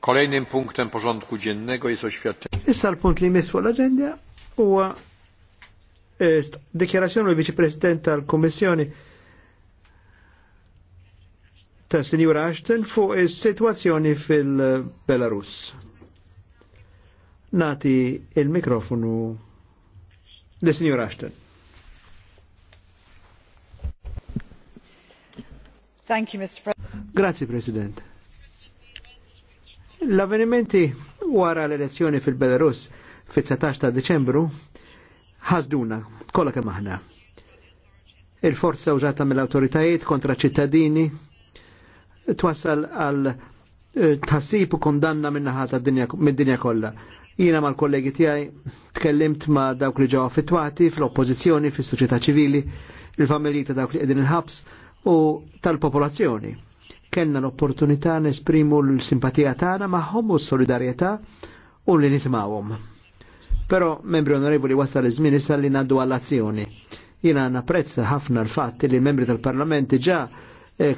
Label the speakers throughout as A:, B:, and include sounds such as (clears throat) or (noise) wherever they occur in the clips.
A: Kolejnym punktem porządku dziennego jest oświadczenie.
B: Jest l-punt li misfu l-agenda huwa e, dikjarazzjoni l viċi-President tal-Kummissjoni ta' Ashton fu is-sitwazzjoni fil-Belarus. Nati il-mikrofonu de senior Ashton.
C: Thank you, Mr. President.
B: Grazie, Presidente. L-avvenimenti wara l-elezzjoni fil-Belarus fit-19 ta' Deċembru ħasduna kollha kemm aħna. Il-forza użata mill-awtoritajiet kontra ċittadini twassal għal eh, tħassib u kondanna minnaħat mid-dinja kollha. Jiena mal-kollegi tiegħi tkellimt ma' dawk li ġew affittwati fl-oppożizzjoni fis-soċjetà ċivili, il-familji ta' dawk li qegħdin il-ħabs u tal-popolazzjoni kellna l-opportunità nesprimu l-simpatija tagħna magħhom u s-solidarjetà u li nisimgħuhom. Però, membri onorevoli, wasal iż-żmien issa li ngħaddu għall-azzjoni. Jiena napprezza ħafna l-fatt li membri tal-Parlament ġa eh,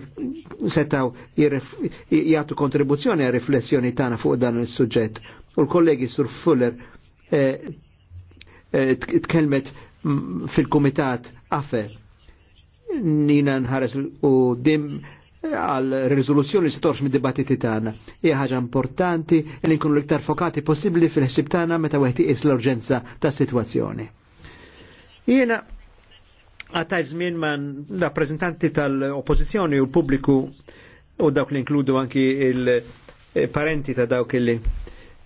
B: setaw jgħatu kontribuzzjoni għal riflessjoni tagħna fuq dan il-suġġett. U l-kollegi Sur Fuller eh, eh, tkellmet mm, fil-Kumitat Afe. Nina nħares u dim għal rizoluzzjoni li torx mid dibattiti tagħna. Hija ħaġa importanti li nkunu l-iktar fokati possibbli fil-ħsib tagħna meta weħti is l-urġenza ta' situazzjoni. Jiena għatajt żmien ma' rappreżentanti tal-oppożizzjoni u pubbliku u dawk li inkludu anki il-parenti ta' dawk li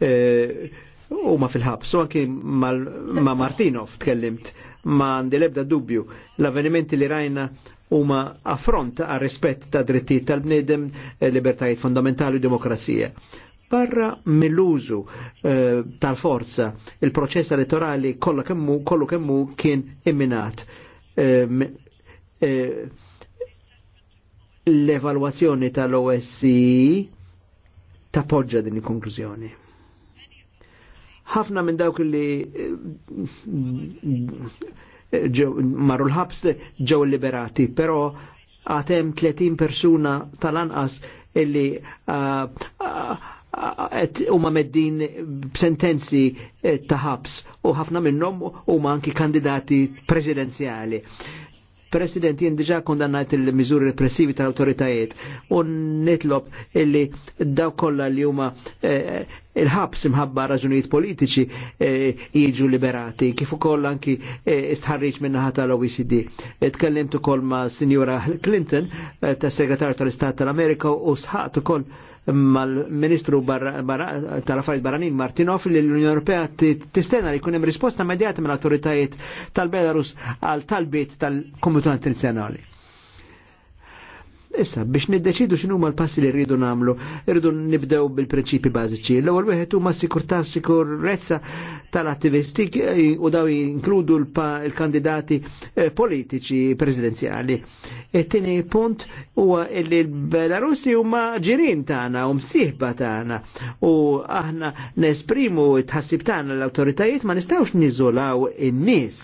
B: eh, huma fil-ħabs, u anki ma' Martinov tkellimt ma' għandi lebda dubju l-avvenimenti li rajna huma affront għal rispett ta' drittijiet tal-bniedem, eh, libertajiet fondamentali u demokrazija. Barra mill-użu eh, tal-forza, il-proċess elettorali kollu kemmu, kollu kemmu kien imminat. Ehm, eh, l-evalwazzjoni tal-OSCE tappoġġa din il-konklużjoni. Ħafna minn dawk li marru l-ħabs ġew liberati, però għatem 30 persuna tal-anqas illi uh, uh, huma meddin b'sentenzi eh, ta' ħabs u ħafna minnhom huma anki kandidati presidenziali. President, jien diġa kondannajt il-mizuri repressivi tal-autoritajiet u nitlob illi daw kollha li huma eh, il-ħabs imħabba raġunijiet politiċi eh, jiġu liberati, kif ukoll anki eh, istħarriġ minnaħa tal-OECD. Itkellimt ukoll ma' Signora Clinton, tas segretarju tal-Istat tal-Amerika u sħaqt ukoll mal-Ministru tal-Affarijiet Barranin Martinov li l-Unjoni Ewropea tistenna li jkun hemm risposta immedjata mill-awtoritajiet tal-Belarus għal talbiet tal-Komitat Internazzjonali. Issa, biex niddeċidu xinu ma l-passi li rridu namlu, rridu nibdew bil-prinċipi bażiċi. L-ewwel wieħed huma sikurtà sikurezza tal-attivisti u daw jinkludu l-kandidati eh, politiċi presidenziali. It-tieni punt huwa li l-Belarussi huma ġirien tagħna u msieħba tagħna u aħna nesprimu t tħassib tagħna l-awtoritajiet ma nistgħux niżolaw in-nies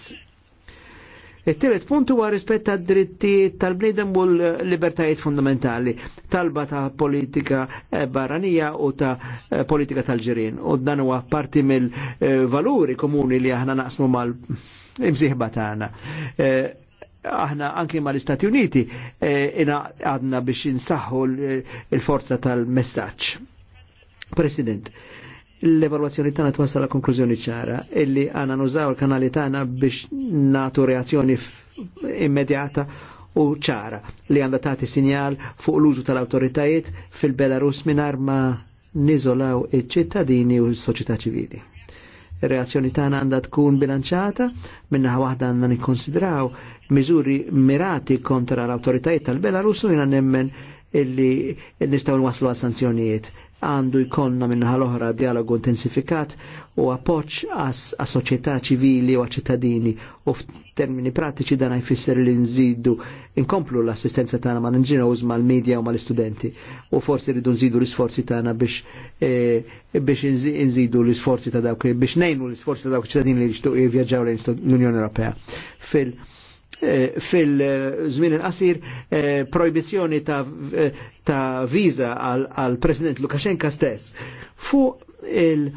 B: Il-tielet punt huwa rispett għad drittijiet tal-bniedem u l-libertajiet fundamentali, talba ta' politika eh, barranija u ta' eh, politika tal ġirin U dan huwa parti mill-valuri komuni li aħna naqsmu mal-imsiħba tagħna. Eh, aħna anki mal istati Uniti ina għadna biex insaħħu l-forza tal-messaġġ. President, l-evaluazzjoni tagħna twassal la konklużjoni ċara illi għana nużaw il-kanali tagħna biex natu reazzjoni immedjata u ċara li għandha tagħti sinjal fuq l-użu tal-awtoritajiet fil-Belarus mingħajr ma niżolaw iċ-ċittadini u s-soċjetà ċivili. Ir-reazzjoni tagħna għandha tkun bilanċata minnaħa waħda għandna nikkonsidraw miżuri mirati kontra l-awtoritajiet tal-Belarus u jiena nemmen illi nistaw nwaslu għal sanzjonijiet għandu jkonna minn l-oħra dialogu intensifikat u appoċ għas soċjetà ċivili u ċittadini u f'termini pratiċi dan jfisser li nżidu inkomplu l-assistenza tagħna ma' NGOs mal medja u mal istudenti u forsi rridu nżidu l-isforzi tagħna biex e, biex nżidu l-isforzi ta' dawk biex nejnu l-isforzi ta' dawk ċittadini li jixtuq jivvjaġġaw l-Unjoni Ewropea. Fil- Eh, fil-żmien il qasir eh, proibizjoni ta', eh, ta viza għal President Lukashenka stess. Fuq il-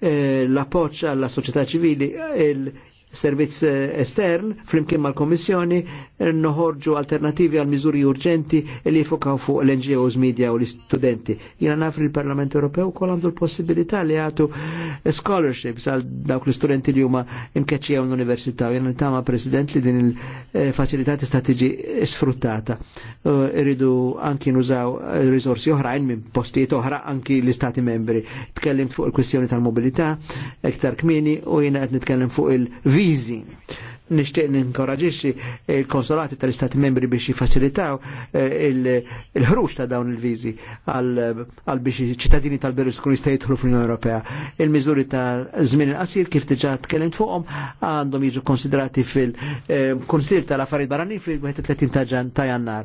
B: l-appoċ għalla soċjetà ċivili, il-, servizz eh, estern flimkien mal-Komissjoni eh, noħorġu alternativi għal miżuri urġenti li jifokaw fuq l-NGOs media u l-istudenti. Jina naf il-Parlament Ewropew kol għandu l-possibilità li għatu eh, scholarships għal dawk l-istudenti li huma għaw l-Università. Jina tama President li din il-facilità tista' tiġi sfruttata. Irridu anki nużaw risorsi oħrajn minn postijiet oħra anki l-Istati membri. Tkellim fuq il kwistjoni tal-mobilità, iktar kmini u jina qed nitkellem fuq il-vi kriżi nishtiq ninkoraġixxi il-konsolati tal-Istati membri biex jifaċilitaw eh, il-ħruġ ta' dawn il-viżi għal biex ċittadini tal-Berlusconi jista' jidħlu fl-Unjoni Ewropea. Il-miżuri ta' żmien il-qasir kif diġà tkellimt fuqhom għandhom jiġu konsidrati fil-Kunsil eh, tal-Affarijiet Barranin fil-31 ta' Jannar.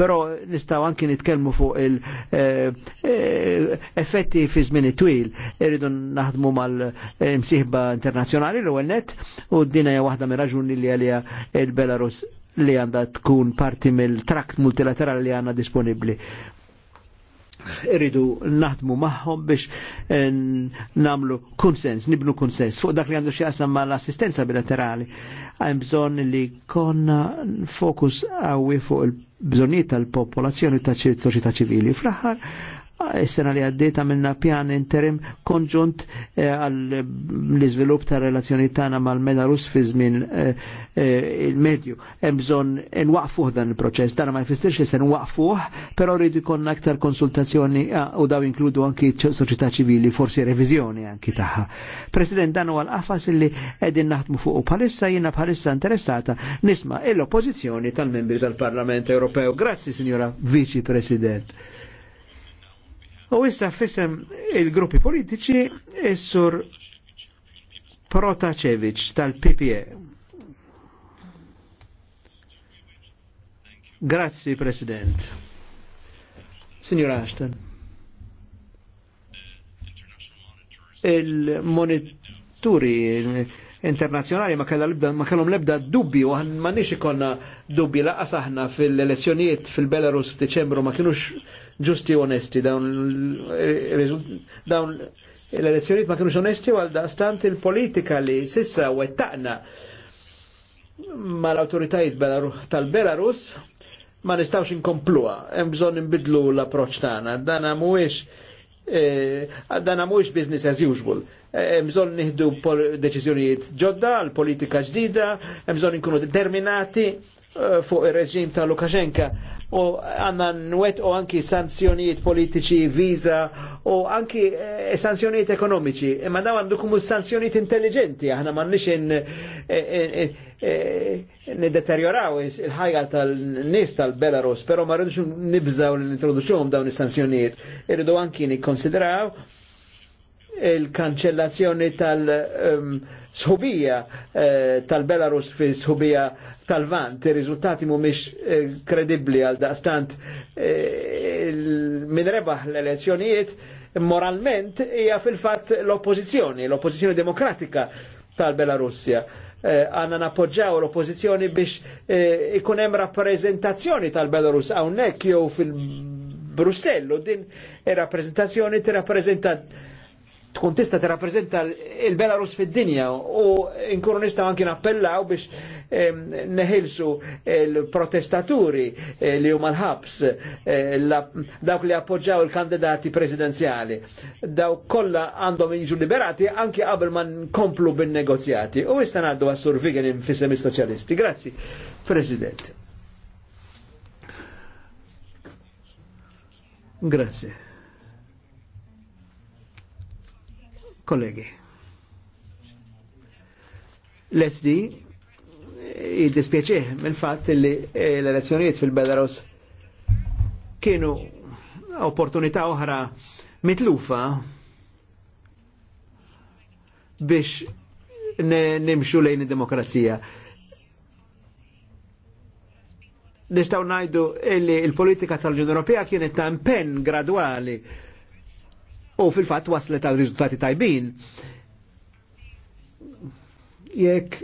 B: Però nistgħu anki nitkellmu fuq il-effetti eh, fi żmien twil irridu naħdmu mal-imsieħba internazzjonali l-ewwel nett u d dinja waħda minn raġuni li għalija il-Belarus li għanda tkun parti mill-trakt multilaterali li għanna disponibli irridu naħdmu maħħom biex eh, namlu konsens, nibnu konsens fuq dak li għandu xjaqsam ma l-assistenza bilaterali. Għajm bżon li konna fokus għawi fuq il-bżoniet tal-popolazzjoni ta' soċjetà ċivili. fl ħar Ah, is-sena li għaddiet għamilna pjan interim konġunt għall eh, iżvilupp ta' relazzjoni tagħna mal-Belarus fi żmien eh, eh, il-medju. Hemm bżonn nwaqfuh dan il-proċess, dan ma jfistirx li se nwaqfuh, però rridu jkollna aktar konsultazzjoni eh, u daw inkludu anki soċjetà ċivili, forsi reviżjoni anki tagħha. President, dan huwa l-qafas illi qegħdin naħdmu fuq bħalissa jiena bħalissa interessata nisma' l-oppożizzjoni tal-membri tal-Parlament Ewropew. Grazzi, Signora Viċi President. U issa fissem il-gruppi politiċi is-sur Protacevic tal-PPE. Grazzi, President. Signor Ashton. Il-monituri internazjonali ma kellhom lebda ma kellhom lebda dubbi u ma nix ikonna dubbi laqas aħna fil-elezzjonijiet fil-Belarus f'Diċembru ma kienux ġusti u onesti. Dawn l-elezzjoniet ma kienux onesti għal daqstant il-politika li sissa u wettaqna ma l-autoritajiet tal-Belarus ma nistawx inkompluha, hemm bżonn nbidlu l-approċċ tagħna. Dan mhuwiex e, dan mhuwiex business as usual. E, hemm bżonn nieħdu deċiżjonijiet ġodda, l-politika ġdida, hemm bżonn inkunu determinati e, fuq ir-reġim ta' Lukaxenka u għanna nwet u anki sanzjonijiet politiċi, viza u anki e, sanzjonijiet ekonomiċi. Imma daw għandu kumu sanzjonijiet intelligenti, aħna ma nix eh, eh, nideterjoraw il-ħajja tal-nis tal-Belarus, pero ma rridux nibżaw l introduċum dawn is-sanzjonijiet. Irridu anki nikkonsidraw il-kanċellazzjoni tal-sħubija ehm, eh, tal-Belarus fi sħubija tal-Vant. Il-riżultati mhumiex eh, kredibbli għal daqstant eh, min rebaħ l-elezzjonijiet moralment hija fil-fatt l-oppożizzjoni, l-oppożizzjoni demokratika tal-Belarusja għanna napoġġaw l-oppozizjoni biex ikun hemm rappreżentazzjoni tal-Belarus hawnhekk jew fil-Brussellu din ir-rappreżentazzjoni tirrappreżenta tkun tista tirrappreżenta il-Belarus fid-dinja u nkunu nistgħu anki nappellaw biex neħilsu il-protestaturi eh, li huma l-ħabs eh, dawk li appoġġaw il-kandidati presidenziali. Dawk kollha għandhom jiġu liberati anki qabel ma nkomplu bin-negozjati. U issa ngħaddu għas-Sur Vigenin fis-Semi Soċjalisti. Grazzi, President. Grazie. Kollegi. L-SD jiddispieċieħ mill-fatt li l-elezzjonijiet fil-Belarus kienu opportunità oħra mitlufa biex nimxu lejn id-demokrazija. Nistaw najdu illi il-politika tal-Unjoni Ewropea kienet ta' impenn gradwali u fil-fatt waslet għal riżultati tajbin. Jekk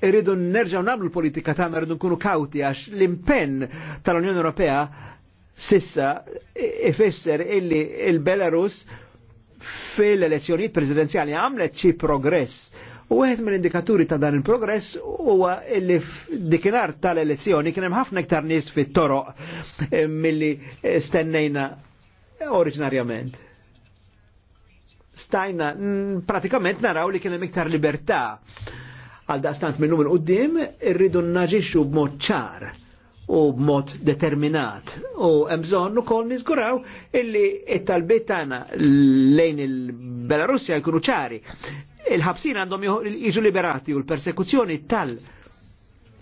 B: irridu nerġaw nagħmlu l-politika tagħna rridu nkunu kawti għax l-impenn tal-Unjoni Ewropea sissa ifisser illi il-Belarus fil-elezzjonijiet prezidenzjali għamlet xi progress U għed mill indikaturi ta' dan il-progress huwa illi f'dikinar tal-elezzjoni kien hemm ħafna iktar nies fit-toroq eh, milli eh, stennejna oriġinarjament. Stajna mm, pratikament naraw li kien hemm iktar libertà għal daqstant minn numru qudiem irridu naġixxu b'mod ċar u b'mod determinat u hemm bżonn ukoll niżguraw illi it talbiet tagħna lejn il-Belarusja jkunu ċari il-ħabsin għandhom jiġu liberati u l-persekuzzjoni tal-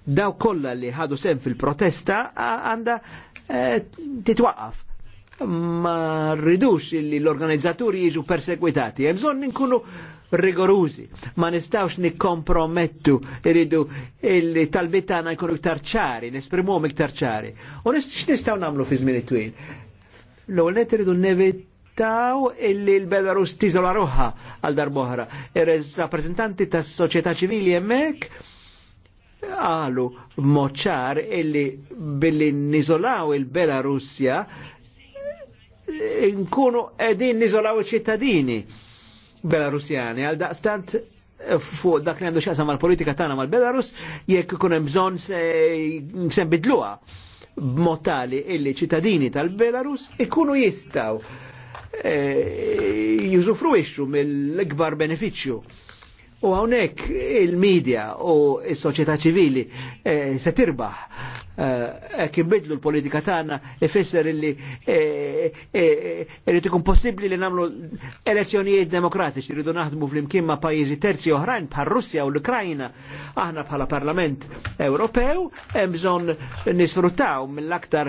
B: daw kollha li ħadu sem fil-protesta għanda eh, titwaqqaf. Ma rridux li l-organizzaturi jiġu persekwitati, hemm bżonn inkunu rigorużi, ma nistawx nikkompromettu irridu il talbitana jkunu iktar ċari, nesprimuhom iktar ċari. U nistgħu nagħmlu fi żmien it-twil. L-ewwel irridu nevit naċċettaw illi l-Belarus tiżola ruħha għal darboħra. ir rappresentanti tas-soċjetà ċivili jemmek għalu moċar illi billi nizolaw il-Belarusja nkunu edin nizolaw il-ċittadini belarusjani għal daqstant fuq dak li għandu xaqsa mal-politika tagħna mal-Belarus jekk ikun hemm bżonn se bidluha b'mod tali illi ċittadini tal-Belarus ikunu jistaw E, jużufruixxu mill-ikbar beneficju. U hawnhekk il-medja u s soċjetà ċivili e, se tirbaħ hekk eh, l-politika tagħna ifisser illi eh, eh, irid ikun possibbli li nagħmlu elezzjonijiet demokratiċi rridu naħdmu flimkien ma' pajjiżi terzi oħrajn bħal Russja u l-Ukrajna. Aħna bħala Parlament Ewropew hemm bżonn nisfruttaw mill-aktar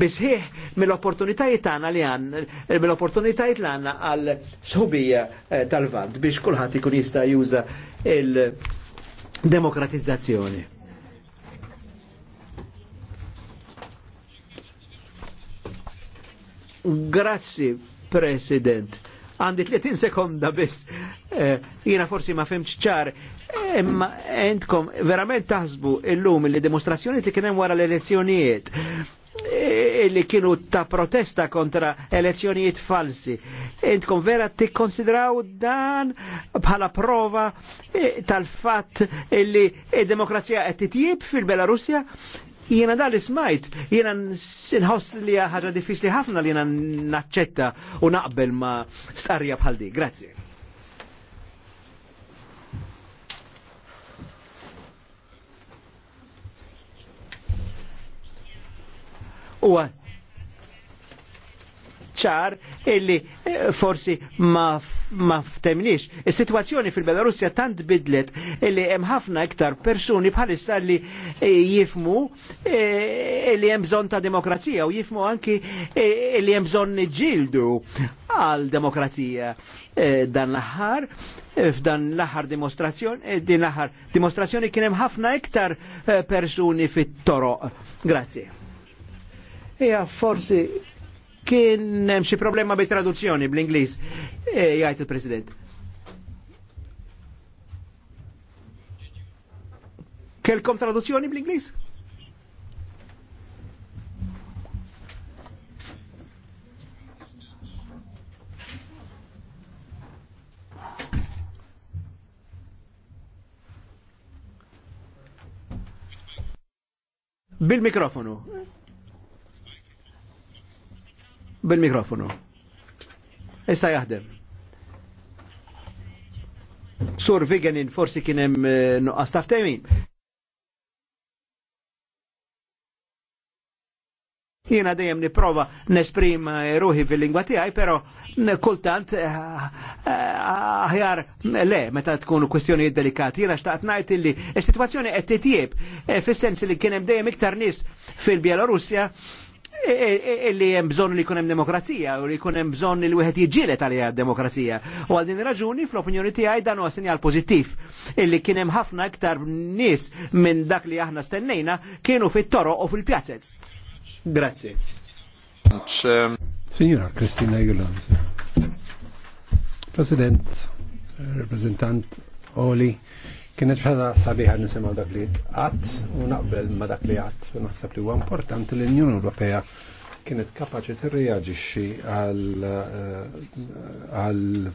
B: bisħieħ mill-opportunitajiet tagħna li għan mill-opportunitajiet għandna għal sħubija tal-vant biex kulħadd ikun jista' juża il-demokratizzazzjoni. Grazzi, President. Għandi 30 sekonda biss. Eh, jina forsi ma fimx ċar. Emma, eh, entkom verament taħsbu il-lum li demonstrazzjoni li kienem wara l-elezzjonijiet eh, li kienu ta' protesta kontra elezzjonijiet falsi. Entkom vera ti konsidraw dan bħala prova tal fat li id-demokrazija qed titjib fil-Belarusja Jiena dal smajt, jiena nħoss li ħaġa diffiċli ħafna li jiena naċċetta u naqbel ma starja bħal di. U Huwa ċar illi eh, forsi ma, ma ftemniex. Is-sitwazzjoni fil-Belarusja tant bidlet illi hemm ħafna iktar persuni bħalissa li eh, jifmu eh, illi hemm bżonn ta' demokrazija u jifmu anki illi hemm bżonn niġġieldu għal demokrazija dan l-aħħar f'dan l-aħħar dimostrazzjoni din l-aħħar dimostrazzjoni kien hemm ħafna iktar persuni fit-toroq. Grazie. Ja, forsi kien hemm xi problema bi traduzzjoni bl-Ingliż, e, jgħid il-President. Kelkom traduzzjoni bl-Ingliż? Bil-mikrofonu bil-mikrofonu. Issa jaħdem. Sur Viganin forsi kienem eh, nuqqas taf temim. Jiena dejjem nipprova nesprim eh, ruħi fil-lingwa tiegħi, però eh, kultant aħjar le meta tkunu kwestjonijiet delikati. Jiena xtaqt ngħid illi s-sitwazzjoni qed titjieb fis-sens li kien hemm dejjem iktar nies fil-Bjelorussja E, e, e, li hemm bżonn li jkun hemm demokrazija u li jkun hemm bżonn li wieħed jiġġieled għalija demokrazija. U għal din raġuni fl-opinjoni tiegħi dan huwa sinjal pożittiv illi kien hemm ħafna iktar nies minn dak li aħna stennejna kienu fit toro u fil-pjazzez. Grazzi.
A: Signora Kristina Juland, President, Representant Oli, Kienet ħada sabiħa nisimaw dak li għat u naqbel ma dak li għat u naħseb li huwa importanti li l-Unjoni Ewropea kienet kapaċi tirreaġixxi għal eh,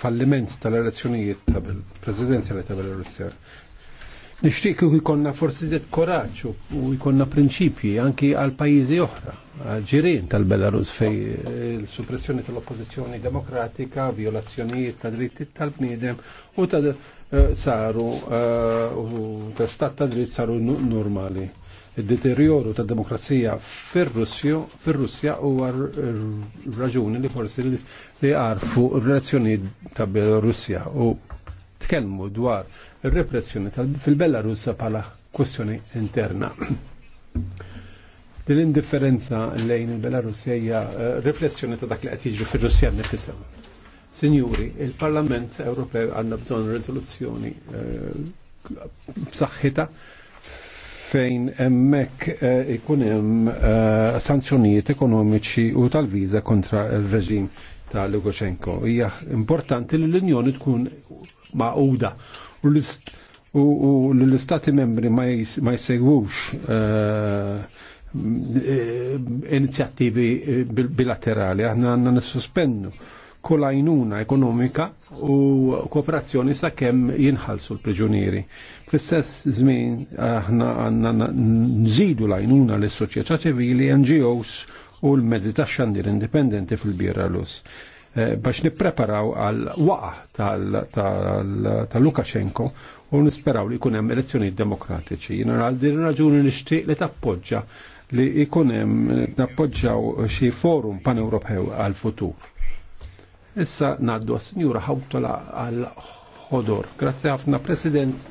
A: falliment tal-elezzjonijiet tal-presidenziali tal Russja. Nixtieq u jkollna forsi zed koraġġ u jkollna prinċipji anki għal pajjiżi oħra, ġirien tal-Belarus fej il-suppressjoni eh, tal-oppożizzjoni demokratika, violazzjonijiet tad dritti tal-bniedem u ta' Eh, saru eh, u testat ta' dritt saru normali. il deterioru ta' demokrazija fir-Russja huwa raġuni li forsi li għarfu relazzjoni ta' Belorussja u tkellmu dwar il repressjoni fil-Belarusja bħala kwestjoni interna. dil l-indifferenza lejn il-Belarusja hija eh, riflessjoni ta' dak li qed jiġri fir-Russja nifisha. Sinjuri, il-Parlament Ewropew għandna bżonn riżoluzzjoni eh, b'saħħita fejn hemmhekk eh, ikun hemm eh, sanzjonijiet ekonomiċi u tal-viża kontra r-reġim ta' Lukashenko. Hija importanti li l-Unjoni tkun maquda u l-istati membri ma jsegwux inizjattivi bilaterali, aħna għanna nissuspennu kolajnuna ekonomika u kooperazzjoni sa' kem jinħalsu l-preġunieri. Fl-istess żmien aħna għanna nżidu lajnuna l soċjetà ċivili, NGOs u l-mezzi ta' xandir indipendenti fil-bira l-us eh, Bax nippreparaw għal waqa tal-Lukashenko u nisperaw li jkun hemm demokratiċi. Jina għal din raġuni nishtiq li tappoġġa li jkun hemm nappoġġaw xi forum pan-Ewropew għal futur Issa naddu għas-Sinjura Hawtola għal-ħodor. Grazie ħafna, President.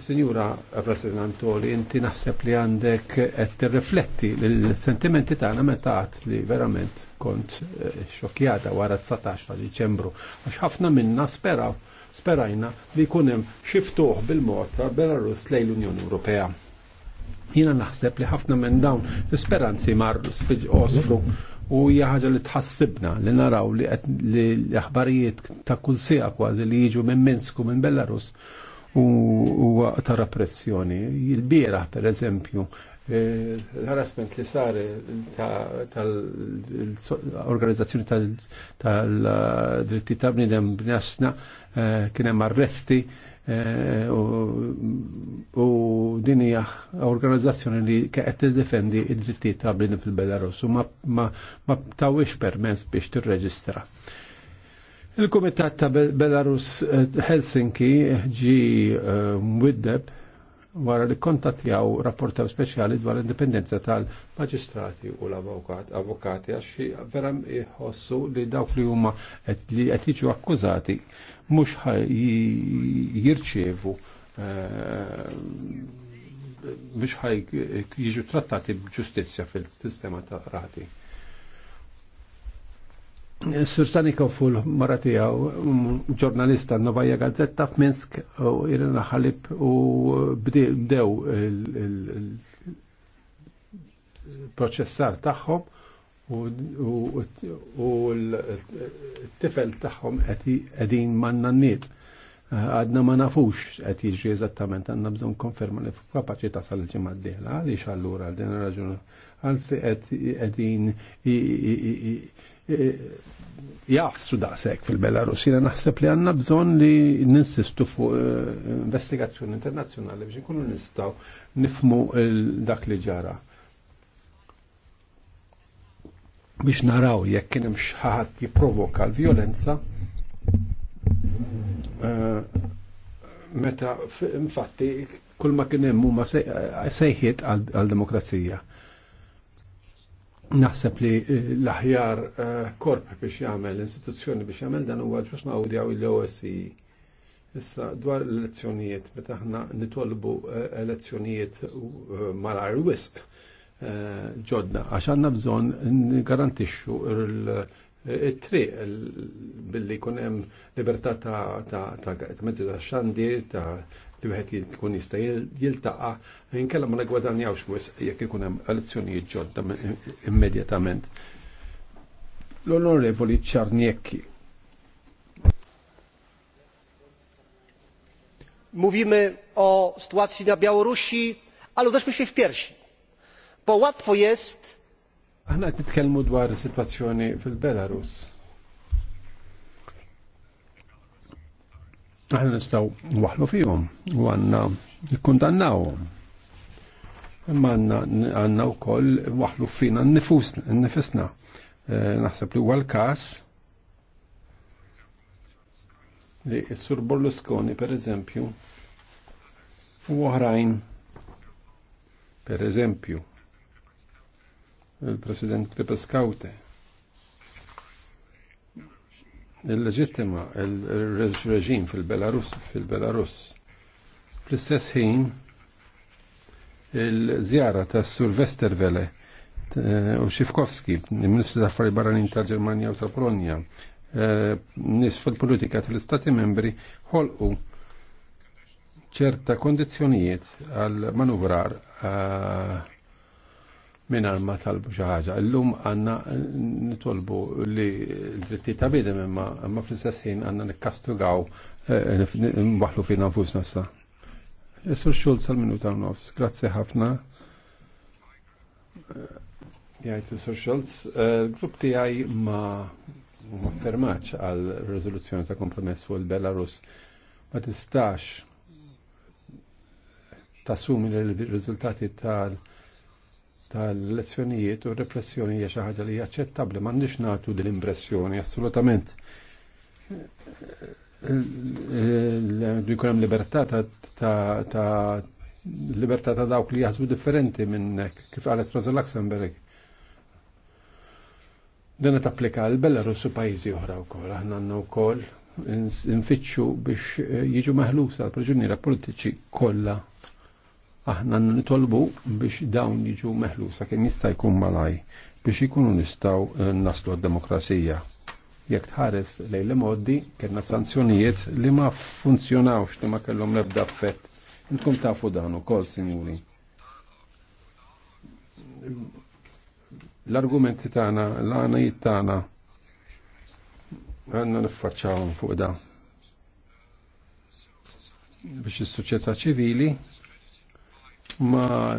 A: Sinjura Presidentoli, inti naħseb li għandek qed tirrifletti l-sentimenti tagħna meta għat li verament kont eh, xokjata wara 19 ta' Diċembru għax ħafna minna speraw sperajna li jkun hemm xi ftuħ bil-mod ta' Belarus lejn l-Unjoni Ewropea. Jiena naħseb li ħafna minn dawn l-speranzi marru sfiġ osfru u hija ħaġa li tħassibna li naraw li l-aħbarijiet ta' kull sija kważi li jiġu minn Minsku, minn Belarus u ta' repressjoni. Il-bieraħ per eżempju l-harassment eh, li sar tal-organizzazzjoni tal-dritti eh, ta' bnidem b'nasna eh, kien hemm arresti Eh, u din hija organizzazzjoni li qed tiddefendi id-drittijiet ta' bini fil-Belarus u ma ta'wiex permess biex tirreġistra. Il-Kumitat ta' Belarus eh, Helsinki ġi eh, mwiddeb wara li kontattjaw rapportaw speċjali dwar l-indipendenza tal-maġistrati u l-avokati għaxi vera jħossu li dawk li huma qed jiġu akkużati mhux jirċevu eh, biex ħaj jiġu trattati b'ġustizzja fil-sistema ta' rati. Sur Sanikov fu l-mara tiegħu ġurnalista Novaja Gazzetta f'Minsk u Irina Ħalib u bdew il-proċessar tagħhom u l-tifel tagħhom manna n-niet eh, Għadna ma nafux qed jiġri eżattament għandna bżonn konferma li ta' sal-ġimgħa d-dieħla għaliex allura għal din raġuni għalfi qegħdin jafsu daqsek fil-Belarus. Jina naħseb li għanna bżon li ninsistu fuq eh, investigazzjoni internazzjonali biex ikunu nistaw nifmu dak li ġara. biex naraw jekk kien hemm xi ħadd jipprovoka l-vjolenza eh, meta infatti kull ma kien hemm huma eh, sejħiet għal demokrazija. Naħseb li eh, l-aħjar korp biex jagħmel l-istituzzjoni biex jagħmel dan huwa ġus mawdjaw l-OSI. Issa dwar l-elezzjonijiet meta aħna nitolbu elezzjonijiet malar wisq ġodda, għax għanna bżon garantixxu il-triq billi kun hemm libertà ta' mezzi ta' xandir, ta' li wieħed kun jista' jiltaqa' inkella ma negwadanjawx wis jekk ikun hemm elezzjonijiet ġodda immedjatament. L-Onorevoli Czarniecki.
B: Mówimy o sytuacji na Białorusi, ale uderzmy się w pierwszy. Po łatwo jest.
A: Aħna qed nitkellmu dwar is-sitwazzjoni fil-Belarus. Aħna nistgħu waħlu fihom u għandna nkundannawhom. Imma għandna għandna wkoll waħlu fina nnifus nnifisna. Eh, naħseb li huwa l-każ li s-sur Berlusconi per eżempju u oħrajn per eżempju il-President Pepe Kaute. Il-leġittima il-reġim fil-Belarus, fil-Belarus. Fl-istess ħin, il zjara ta' Sur Vele eh, u Xifkowski, il-Ministru ta' Affari Barranin ta' Germania u ta' Polonia, eh, nis fil-politika tal stati membri ħolqu ċerta kondizjonijiet għal manuvrar eh, minn ma talbu xi ħaġa. Illum għandna nitolbu li l-dritti ta' bidem imma imma fl-istess ħin għandna nikkastugaw eh, nbaħlu fina nfusna sa. Isur Schulz għal-minuta nofs. Grazzi ħafna. Eh, Jgħajt Isur Schulz. Eh, grupp tiegħi ma fermax għal rezoluzzjoni ta' kompromess fuq il-Belarus. Ma tistax tassumi l-riżultati tal- tal-lezzjonijiet u repressjoni hija xi ħaġa li jaċċettabbli m'għandix nagħtu din impressjoni assolutament. Jkun hemm libertà ta' libertà ta' dawk li jaħsbu differenti minnek kif qalet Rosa Luxemburg. Dan qed applika għal Belarus u pajjiżi oħra wkoll, aħna għandna wkoll infittxu biex jiġu maħlusa l proġunira politiċi kollha aħna nitolbu biex dawn jiġu sa' kien jista' jkun malaj biex ikunu nistgħu eh, naslu d-demokrazija. Jekk tħares lejn li moddi kellna sanzjonijiet li ma funzjonawx li ma kellhom l-ebda effett. Intom tafu dan ukoll, sinjuri. L-argumenti tagħna, l-għanajiet tagħna għandna niffaċċawhom fuq dan biex is-soċjetà ċivili ma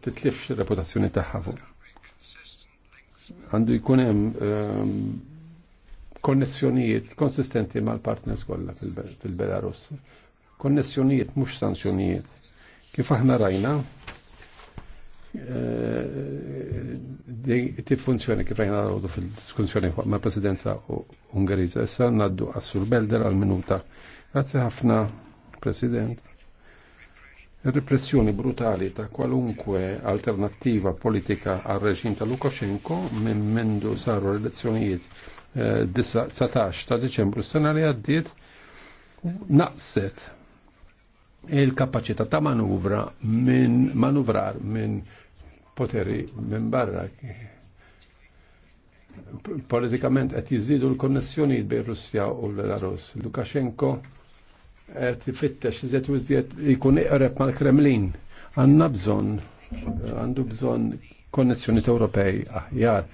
A: titlifx reputazzjoni taħħa fuq. Għandu jkun hemm ehm, konnessjonijiet konsistenti mal-partners kollha fil-Belarus. Konnessjonijiet mhux sanzjonijiet. Kif aħna rajna, eh, tiffunzjoni kif rajna għodu fil-diskussjoni ma' presidenza ungariza. Issa naddu għassur Belder għal-minuta. Grazie ħafna, President repressjoni brutali ta' kwalunkwe alternattiva politika għal reġim ta' Lukashenko minn mendu saru l-elezzjonijiet 19 eh, ta' Deċembru s-sena li għaddiet naqset il-kapacità ta' manuvra minn manuvrar minn poteri minn barra politikament qed jiżidu l-konnessjonijiet bejn Russja u l-Belarus. Lukashenko tifittex iżet u iżet ikun iqreb mal-Kremlin. Għanna bżon, għandu bżon konnessjoni Ewropej aħjar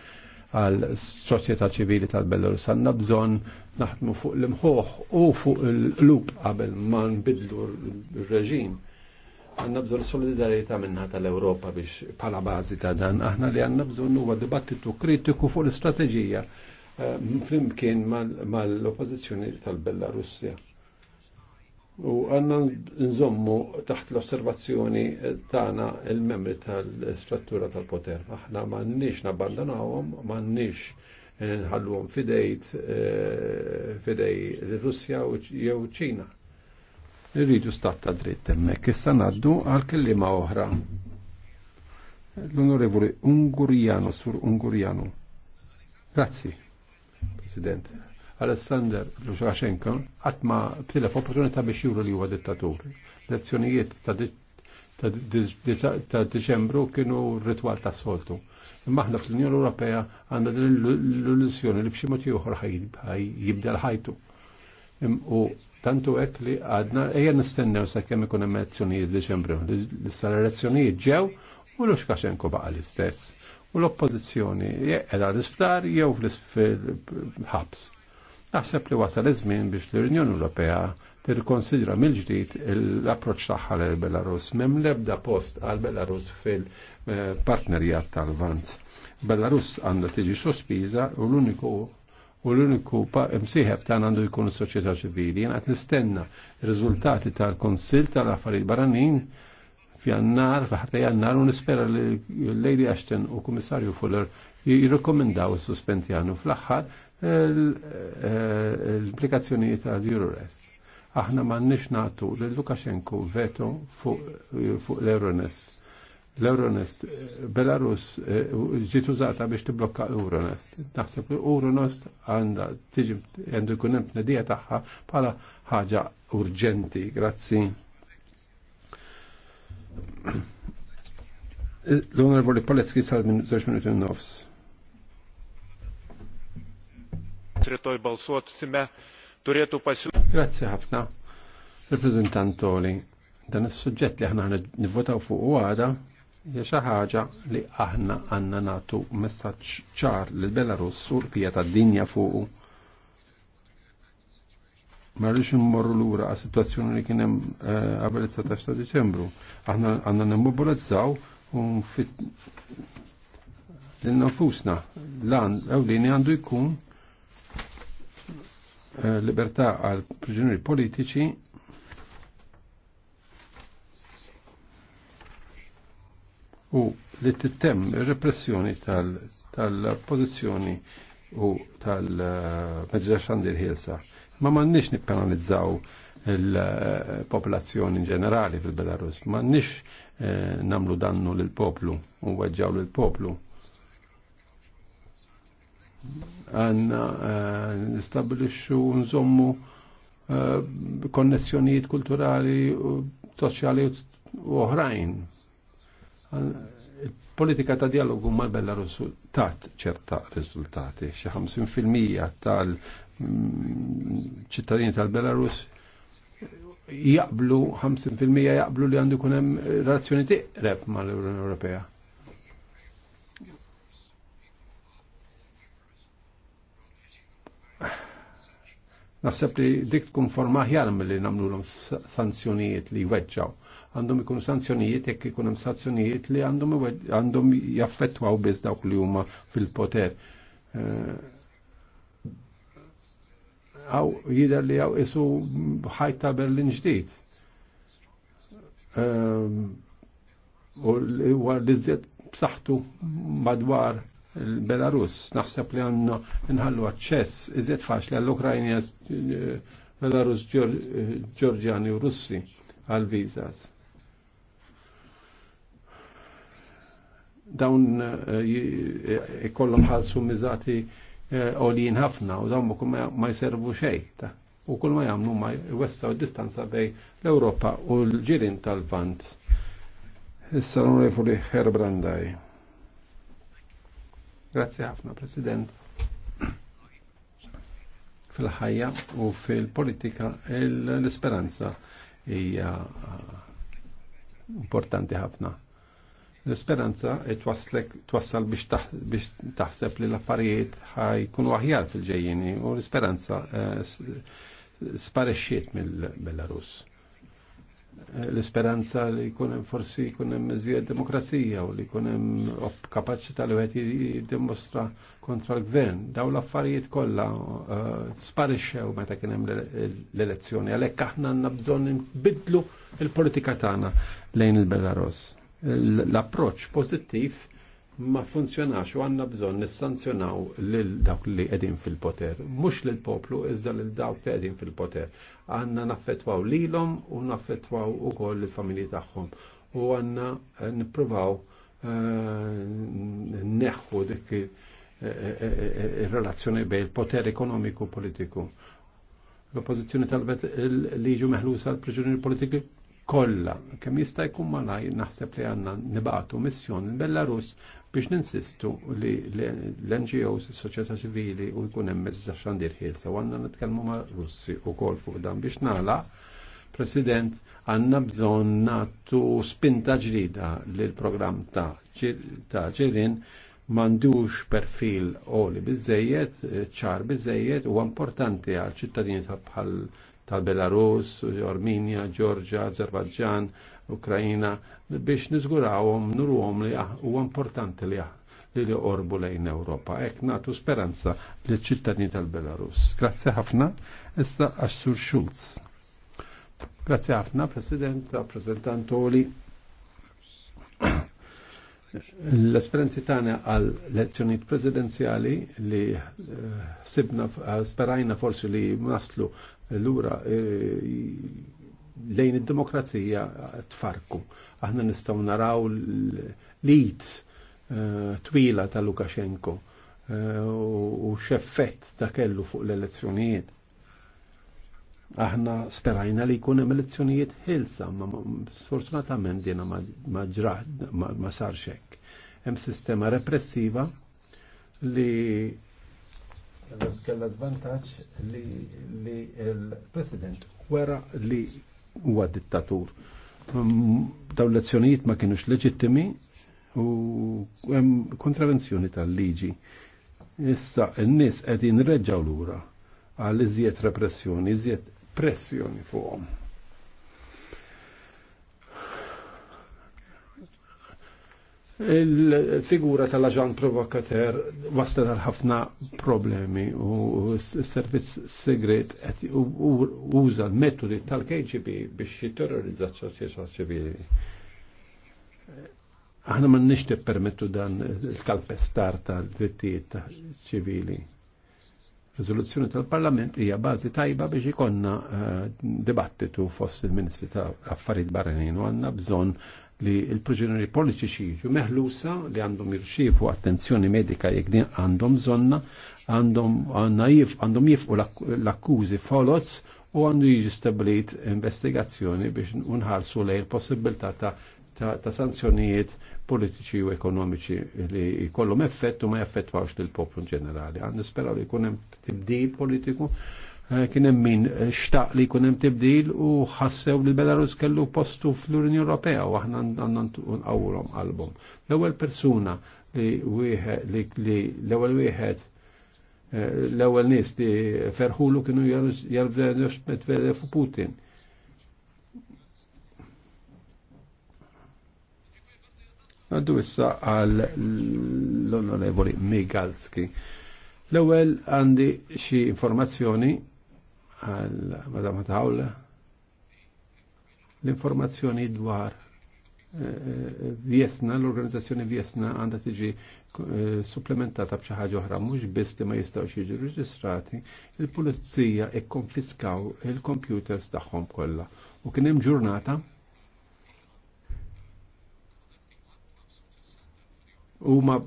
A: għal soċjetà ċivili tal-Belarus. Għanna bżon naħdmu fuq l-imħoħ u fuq l lup qabel ma nbidlu r-reġim. Għanna bżon solidarieta minna tal-Europa biex pala bazi ta' dan. Aħna li għanna bżon huwa dibattitu kritiku fuq l-istrateġija eh, flimkien mal-oppozizjoni tal-Belarusja u għanna nżommu taħt l-osservazzjoni tagħna il-membri tal-struttura tal-poter. Aħna m'għandniex nabbandanawhom, m'għandniex eh, nħalluhom fidejt eh, fidej l-Russja jew Ċina. Irridu stat ta' dritt hemmhekk. Issa ngħaddu għal kelliema oħra. L-Onorevoli Ungurjano sur Ungurjano. Grazzi, President Alessander Lusashenko għatma tilef opportunità biex juru li huwa dittatur. Lezzjonijiet ta' Deċembru kienu ritwal ta' soltu. Imma aħna fl-Unjoni Ewropea għandna l-illusjoni li b'xi mod ieħor jibda l-ħajtu u tantu hekk li għadna, ejja nistennew sa' kemm ikun hemm elezzjonijiet Deċembru. Issa l-elezzjonijiet ġew u Lushashenko baqa l-istess. U l-oppozizjoni qiegħda l-isptar jew fl ħabs Naħseb li wasal iż-żmien biex l-Unjoni Ewropea tirkonsidra mill-ġdid l-approċċ tagħha lil Belarus m'hemm l-ebda post għal Belarus fil-partnerjat tal-Vant. Belarus għandha tiġi sospiża u l-uniku u l-uniku msieħeb ta' għandu jkun is soċjetà ċivili. Jien qed nistenna riżultati tal-Konsil tal-Affarijiet Barranin f'jannar, fl jannar, u nispera li Lady Ashton u Kummissarju Fuller jirrekomendaw is-suspendjanu fl-aħħar l-implikazzjoni ta' Eurorest. Aħna m'għandniex nagħtu lil Lukashenko veto fuq l-Euronest. L-Euronest, Belarus eh, ġiet użata biex tiblokka Euronest. Naħseb li Euronest għandha tiġi għandu kunem hemm nedija tagħha bħala ħaġa urġenti. Grazzi. (clears throat) L-Onorevoli Palecki sal minn 20 minuti n nofs.
D: kad rytoj balsuotusime, turėtų pasiūlyti.
A: Grazie ħafna. Reprezentantoli, dan il-sujġet li aħna nivvotaw fuq u għada jaxa ħagġa li aħna għanna natu messaċ ċar l Belarus u l-pija tad-dinja fuq. Ma rridx l-ura għas situazzjoni li kienem għabel eh, 17 deċembru. ta' Diċembru. Aħna għandna nimmobilizzaw u fit l-nafusna l-għan għaw ewlieni għandu jkun Eh, libertà għal prigionieri politiċi u li tittem repressjoni tal-pozizjoni u tal-medġa xandir Hilsa. Ma mannix nippenalizzaw il-popolazzjoni ġenerali fil-Belarus, mannix eh, namlu dannu l-poplu u għagġaw l-poplu għanna eh, nistabilixxu nżommu eh, konnessjonijiet kulturali, u soċjali u oħrajn. il Politika ta' dialogu mal bella tat ċerta riżultati. Xi 50% tal-ċittadini mm, tal-Belarus jaqblu, 50% jaqblu li għandu kunem relazzjoni tiqreb mal-Unjoni Ewropea Naħseb li dik tkun forma ħjar mill-li namlu l-om sanzjonijiet li jweġġaw għandhom ikun sanzjonijiet jekk ikun hemm sanzjonijiet li għandhom jaffettwaw biss dawk li huma fil-poter. Għaw eh, uh, jider li għaw isu ħajta Berlin ġdid. Eh, u uh, li għal li b'saħħtu madwar l-Belarus. Naħseb li għanna nħallu għacċess iżjed faċli għall-Ukrajna, Belarus, Ġorġjani u Russi għal-vizas. dawn eh, eh, ikollhom ħalsu miżati eh, għolijin ħafna u dawn ma jservu xej. U kull ma jagħmlu ma jwessaw distanza bej l europa u l-ġirin tal-Vant. Issa l-onorevoli Herbrandaj. Grazie ħafna, President. Fil-ħajja u fil-politika l esperanza hija importanti ħafna. L-speranza twaslek twassal biex taħseb li l-affarijiet ħajkunu aħjar fil-ġejjini u l-speranza eh, sparexxiet mill-Belarus l-isperanza li kunem forsi kunem mizija demokrazija u li kunem kapacita li għet jiddemostra kontra l-gvern. Daw l-affarijiet kolla uh, sparixxew meta kienem l-elezzjoni. Għalek aħna għanna bżon nbidlu il-politika tagħna lejn il-Belarus. L-approċ pozittiv ma funzjonax u għanna bżon nissanzjonaw lil dawk li qegħdin fil-poter, mhux lil poplu iżda lil dawk li qegħdin fil-poter. Għanna naffettwaw lilhom u naffettwaw ukoll il-familji tagħhom u għanna eh, nippruvaw eh, neħħu dik il-relazzjoni eh, bejn il-poter ekonomiku politiku. L-oppożizzjoni talbet li jiġu meħlusa l-priġunieri politiki kolla, kem jista' jkun malaj naħseb li għanna nibatu missjoni bella Rus biex ninsistu li l-NGOs, s-soċjetà ċivili u jkun hemm mezz ta' xandir ħielsa u għandna nitkellmu ma' Russi wkoll fuq dan biex nagħlaq President, għanna bżon natu spinta ġrida li l-program ta' ġirin mandux perfil oli bizzejiet, ċar bizzejiet, u importanti għal ċittadini tal-Belarus, Armenia, Georgia, Azerbaijan, Ukrajina biex nizgurawhom nurhom li ah, u importanti li ah, li li orbu lejn Ewropa. Ek natu speranza li ċittadini tal-Belarus. Grazie ħafna, issa Assur Schulz. Grazie ħafna, President, rappresentantoli. L-esperienzi tani għal lezzjoni prezidenziali li eh, sibna eh, sperajna forsi li maslu l-ura eh, lejn id-demokrazija tfarku. Aħna nistgħu naraw l-id eh, twila ta' Lukashenko eh, u xeffett ta' kellu fuq l-elezzjonijiet. Aħna sperajna li jkun hemm elezzjonijiet ħilsa, ma sfortunatament dina ma ġraħ ma sarx hekk. Hemm sistema repressiva li kella żvantaġġ li l-President wera li huwa dittatur. Daw l-azzjonijiet ma kienux leġittimi u hemm kontravenzjoni tal-liġi. Issa n-nies qegħdin reġgħu lura għal iżjed repressjoni, iżjed pressjoni fuqhom. Il-figura tal-aġan provokater wasta tal-ħafna problemi u s-servizz segret uża l-metodi tal-KGB biex jitterrorizza ċ ċivili. Aħna ma nix permettu dan il-kalpestar tal-drittijiet ċivili. Rezoluzzjoni tal-Parlament hija bażi tajba biex ikonna dibattitu fost il-Ministri ta' Affarijiet Barranin u għandna bżonn li l-proġeneri politiċi jiġu meħlusa li għandhom jirċifu attenzjoni medika jekk din għandhom zonna, għandhom għandhom jifqu l-akkużi foloz u għandu jiġi stablit investigazzjoni biex unħarsu lej il-possibilità ta' ta', sanzjonijiet politiċi u ekonomiċi li jkollhom effett u ma jaffettwawx lill poplu ġenerali. Għan nisperaw li jkun hemm tibdil politiku Eh, kien hemm min eh, xtaq li jkun hemm tibdil u ħassew li Belarus kellu postu fl-Unjoni Ewropea u aħna għandna nqawrhom qalbhom. L-ewwel persuna li wieħed li l-ewwel wieħed eh, l-ewwel nies li ferħulu kienu jarvdew Medvedev u Putin. Għaddu issa għal l-onorevoli Migalski. L-ewwel għandi xi informazzjoni għal Madama Tawla l-informazzjoni dwar eh, eh, Vjesna, l-organizzazzjoni Vjesna għandha tiġi eh, supplementata b'xi oħra mhux biss li ma jistgħux jiġu reġistrati, il-pulizija ikkonfiskaw il-computers tagħhom kollha. U kien hemm ġurnata u ma uh,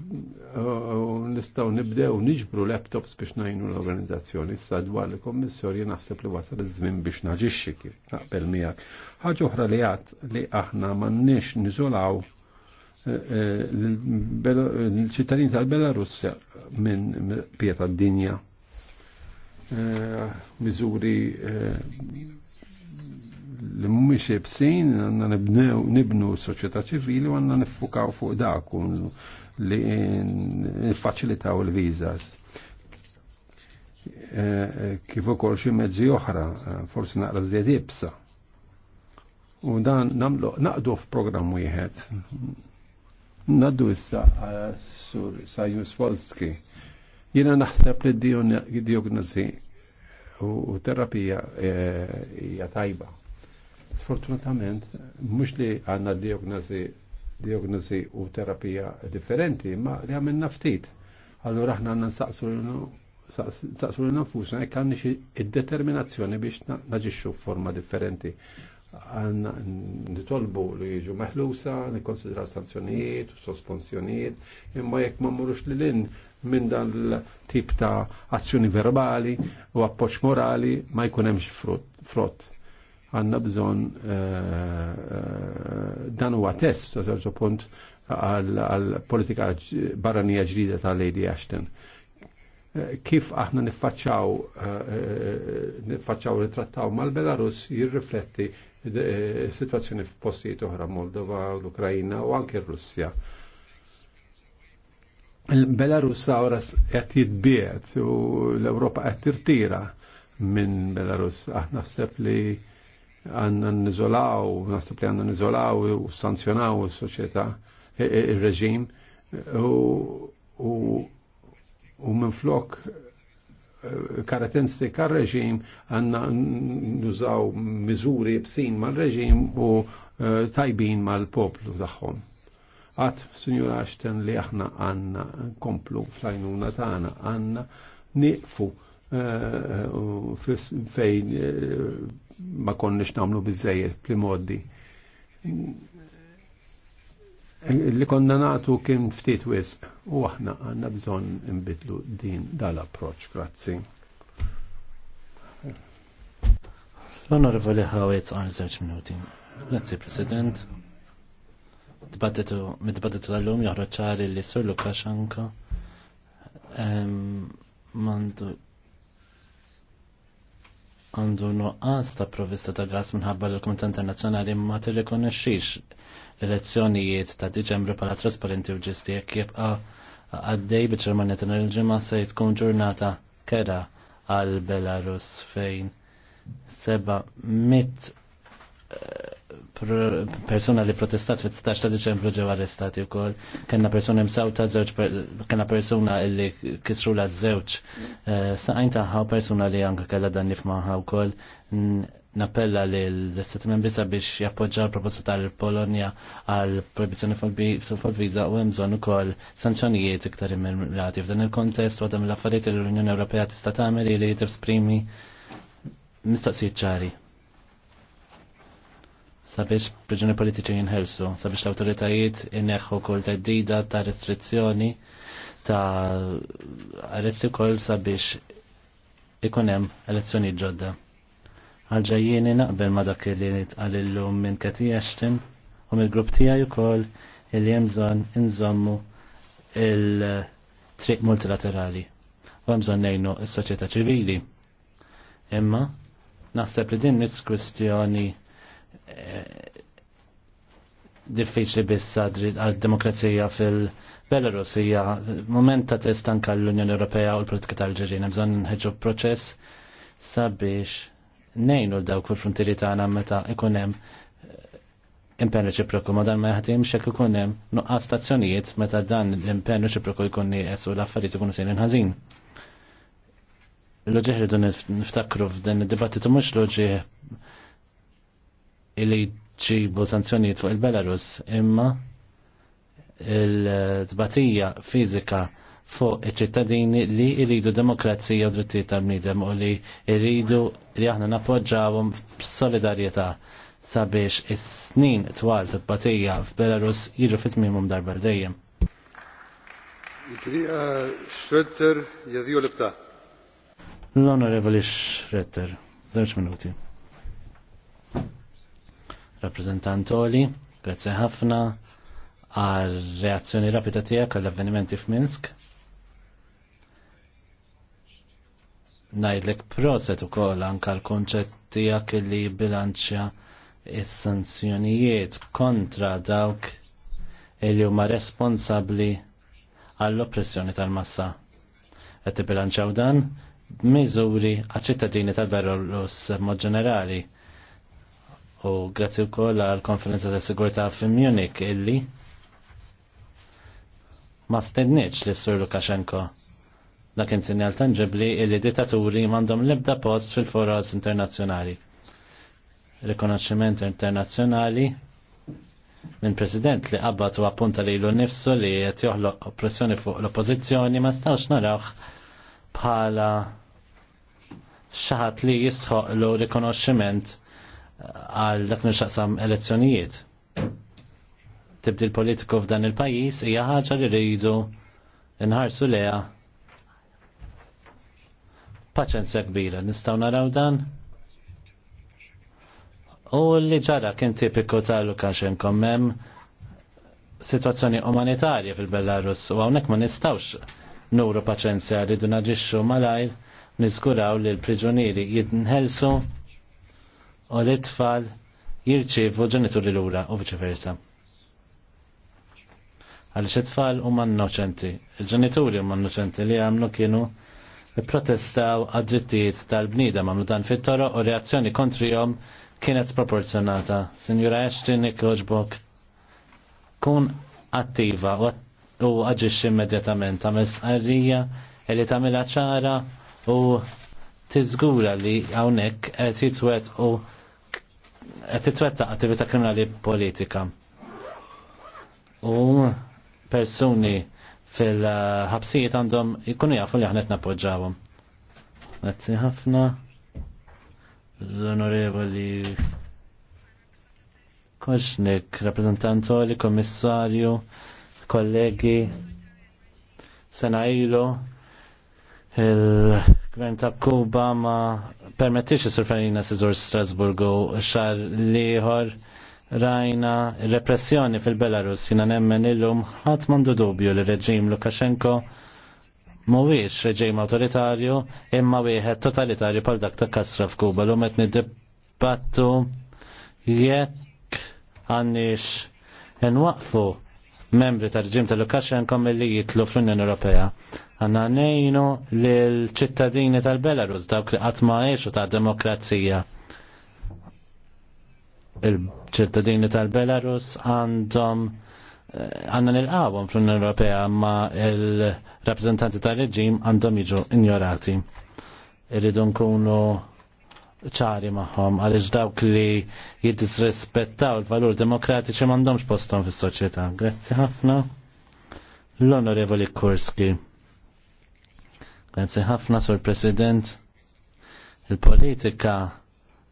A: uh, nistaw nibdew niġbru laptops biex najnu l-organizzazzjoni issa dwar li kommissorji naħseb li wasal iż-żmien biex naġixxi kif naqbel miegħek. Ħaġa oħra li għad li aħna m'għandniex niżolaw eh, eh, l-ċittadini tal belarussja minn pieta d-dinja eh, miżuri li mumiex jibsin, għanna nibnu soċieta ċivili u għanna nifukaw fuq dak li nfaċilitaw il-vizas eh, eh, Kifu kol xie mezzi oħra, eh, forsi naqra zjed ibsa. U dan namlu naqdu f'programm wieħed. Naddu issa sur Sajus Volski. Jiena naħseb li d u terapija hija tajba. Sfortunatament, mhux li għanna diagnosi diagnosi u terapija differenti, ma li għamil ftit. Allura aħna għanna nsaqsu l-nafusna, jek għanni id-determinazzjoni biex naġiċu forma differenti għanna nitolbu li jiġu meħlusa, nikonsidra sanzjonijiet, sospensjonijiet, imma jekk ma mmurux li l-in minn dan l-tip ta' azzjoni verbali u appoċ morali ma jkun hemmx frott għanna bżon eh, eh, dan huwa test sa ċertu punt għal politika barranija ġdida ta' Lady Ashton. Eh, kif aħna niffaċċaw niffaċċaw ritrattaw mal-Belarus jirrifletti situazzjoni f'postijiet oħra Moldova, l ukrajina u anke r-Russja. Belarus għawra qed jitbiet u l-Ewropa qed tirtira minn Belarus. Aħna ħseb li għanna nizolaw, nasib li għanna nizolaw u sanzjonaw il-soċieta, il-reġim, u minn flok eh, karakteristika reġim għanna nużaw miżuri bsin mal-reġim u eh, tajbin mal-poplu tagħhom. Għat, Signor Ashton, li aħna għanna komplu flajnuna tagħna għanna niqfu Eh, fejn eh, ma konniex namlu bizzejiet plimoddi. Li konna natu kien ftit wisq u aħna għanna bżon imbidlu din
C: dal-approċ, grazzi. L-onorevoli ħawet għal zewġ minuti. Grazzi, President. Mid-dibattitu l-lum joħroċ li li Sur Lukashenko ehm, mandu għandu noqqas ta' provvista ta' gas minħabba l-Komitat Internazzjonali ma tirrikonoxxix l-elezzjonijiet ta' Diċembru pala trasparenti u ġisti jekk jibqa' għaddej biċ-ċermanja ġimgħa se tkun ġurnata kera għal Belarus fejn seba' mit persona li protestat fit-16 ta' Deċembru ġew arrestati wkoll. Kenna persuna msawta żewġ kenna persuna li kisru la żewġ. Eh, saqajn taħħa persuna li anke kellha dan nifmaħa wkoll nappella li l-Stati Membri sabiex jappoġġa l-proposta tal-Polonja għal proibizjoni fuq viża u hemm bżonn ukoll sanzjonijiet iktar immirati. F'dan il-kontest waħda mill-affarijiet li l-Unjoni Ewropea tista' tagħmel li tisprimi mistoqsijiet ċari sabiex priġuni politiċi jinħelsu, sabiex l-autoritajiet inneħħu kol dida ta' restrizzjoni ta' arresti kol sabiex ikunem elezzjoni ġodda. Għalġajjini naqbel ma dak li nitqalillum minn Kati Ashton u mill grupp tiegħi il li hemm bżonn inżommu il-triq multilaterali. U jemżon bżonn il s-soċjetà ċivili. Imma naħseb li din nitz kwestjoni diffiċli biss sadri għal-demokrazija fil-Belarus hija moment ta' testanka l-Unjoni Ewropea u l-politika tal-ġirien bżonn nħeġġu proċess sabiex nejnu l-dawk fil-frontieri tagħna meta ikun hemm eh, impenn reċiproku ma dan ma jaħdimx xek ikun hemm nuqqas stazzjonijiet meta dan l-impenn reċiproku jkun nieqes u l-affarijiet ikunu sejrin ħażin. L-ġeħridu niftakru f'dan id-dibattitu mhux l li ċibu sanzjonijiet fuq il-Belarus imma il-tbatija fizika fuq iċ-ċittadini li jridu demokrazija u drittijiet tal-bniedem u li jridu li aħna nappoġġawhom b'solidarjetà sabiex is-snin twal ta' tbatija f'Belarus jiġu fit-tmimhom darba dejjem. L-Onorevoli Schroeter, 10 minuti rappresentantoli, grazie ħafna għal reazzjoni rapida tiegħek għall avvenimenti f'Minsk. Najdlek proset ukoll anke l konċett tiegħek li bilanċja is-sanzjonijiet kontra dawk li huma responsabbli għall-oppressjoni tal-massa. Qed tibbilanċaw dan miżuri għaċ-ċittadini tal-Belarus mod ġenerali U grazzi wkoll għall konferenza ta' sigurtà fi Munich illi ma stedniċ li sur Lukashenko. Dakin sinjal tangibli illi dittaturi mandom libda post fil foros internazzjonali. Rikonoxximent internazzjonali minn president li qabbat u appunta li l-u nifsu li qed joħloq oppressjoni fuq l-oppożizzjoni ma stawx narawh bħala xaħat li jisħoqlu rikonoxximent għal dak nixaqsam elezzjonijiet. Tibdi l politiku f'dan il-pajis hija ħaġa li rridu nħarsu leha paċenzja kbira. Nistgħu naraw dan? U li ġara kien tipiku ta' Lukashenko mem situazzjoni umanitarja fil-Belarus u hawnhekk ma nistgħux nuru paċenzja rridu naġixxu malajr niżguraw li l-priġunieri jidnħelsu u li tfal jirċivu ġenituri l-ura u viċeversa. Għalix it-tfal u man noċenti, il-ġenituri u man noċenti li għamlu kienu protestaw għadrittijiet tal-bnida għamlu dan fit-toro u reazzjoni kontrijom kienet proporzjonata. Signora Ashton, Nikkoġbok, kun attiva u għagġiċ immedjatament ta' mesqarrija li tamela ċara u tiżgura li għawnek għet jitwet u qed titwetta attività kriminali politika. U persuni fil-ħabsijiet għandhom jkunu jafu li aħna qed nappoġġawhom. Grazzi ħafna l-onorevoli Koxnik, rappresentantoli, kommissarju, kollegi, sena ilu, il-gvern ta' Kuba ma permettix is-surferina Sizur Strasburgu xar liħor rajna repressjoni fil-Belarus jina nemmen illum ħadd mandu dubju li reġim Lukashenko mhuwiex reġim autoritarju imma wieħed totalitarju pal dak ta' kasra f'Kuba l qed niddibattu jekk għandix waqfu membri ta' reġim tal Lukashenko mill-li jitlu fl-Unjoni Ewropea. Għanna nejnu l-ċittadini tal-Belarus dawk li għatma eċu ta' demokrazija. Il-ċittadini tal-Belarus għandhom eh, għanna nil-qawon fl-Unjoni Ewropea ma il-rappresentanti tal-reġim għandhom jiġu ignorati. Irridu nkunu ċari maħħom għaliex dawk li jiddisrespettaw il-valur demokratiċi m'għandhomx postom fis-soċjetà. Grazzi ħafna. L-Onorevoli Kurski. Grazzi ħafna, Sur President. Il-politika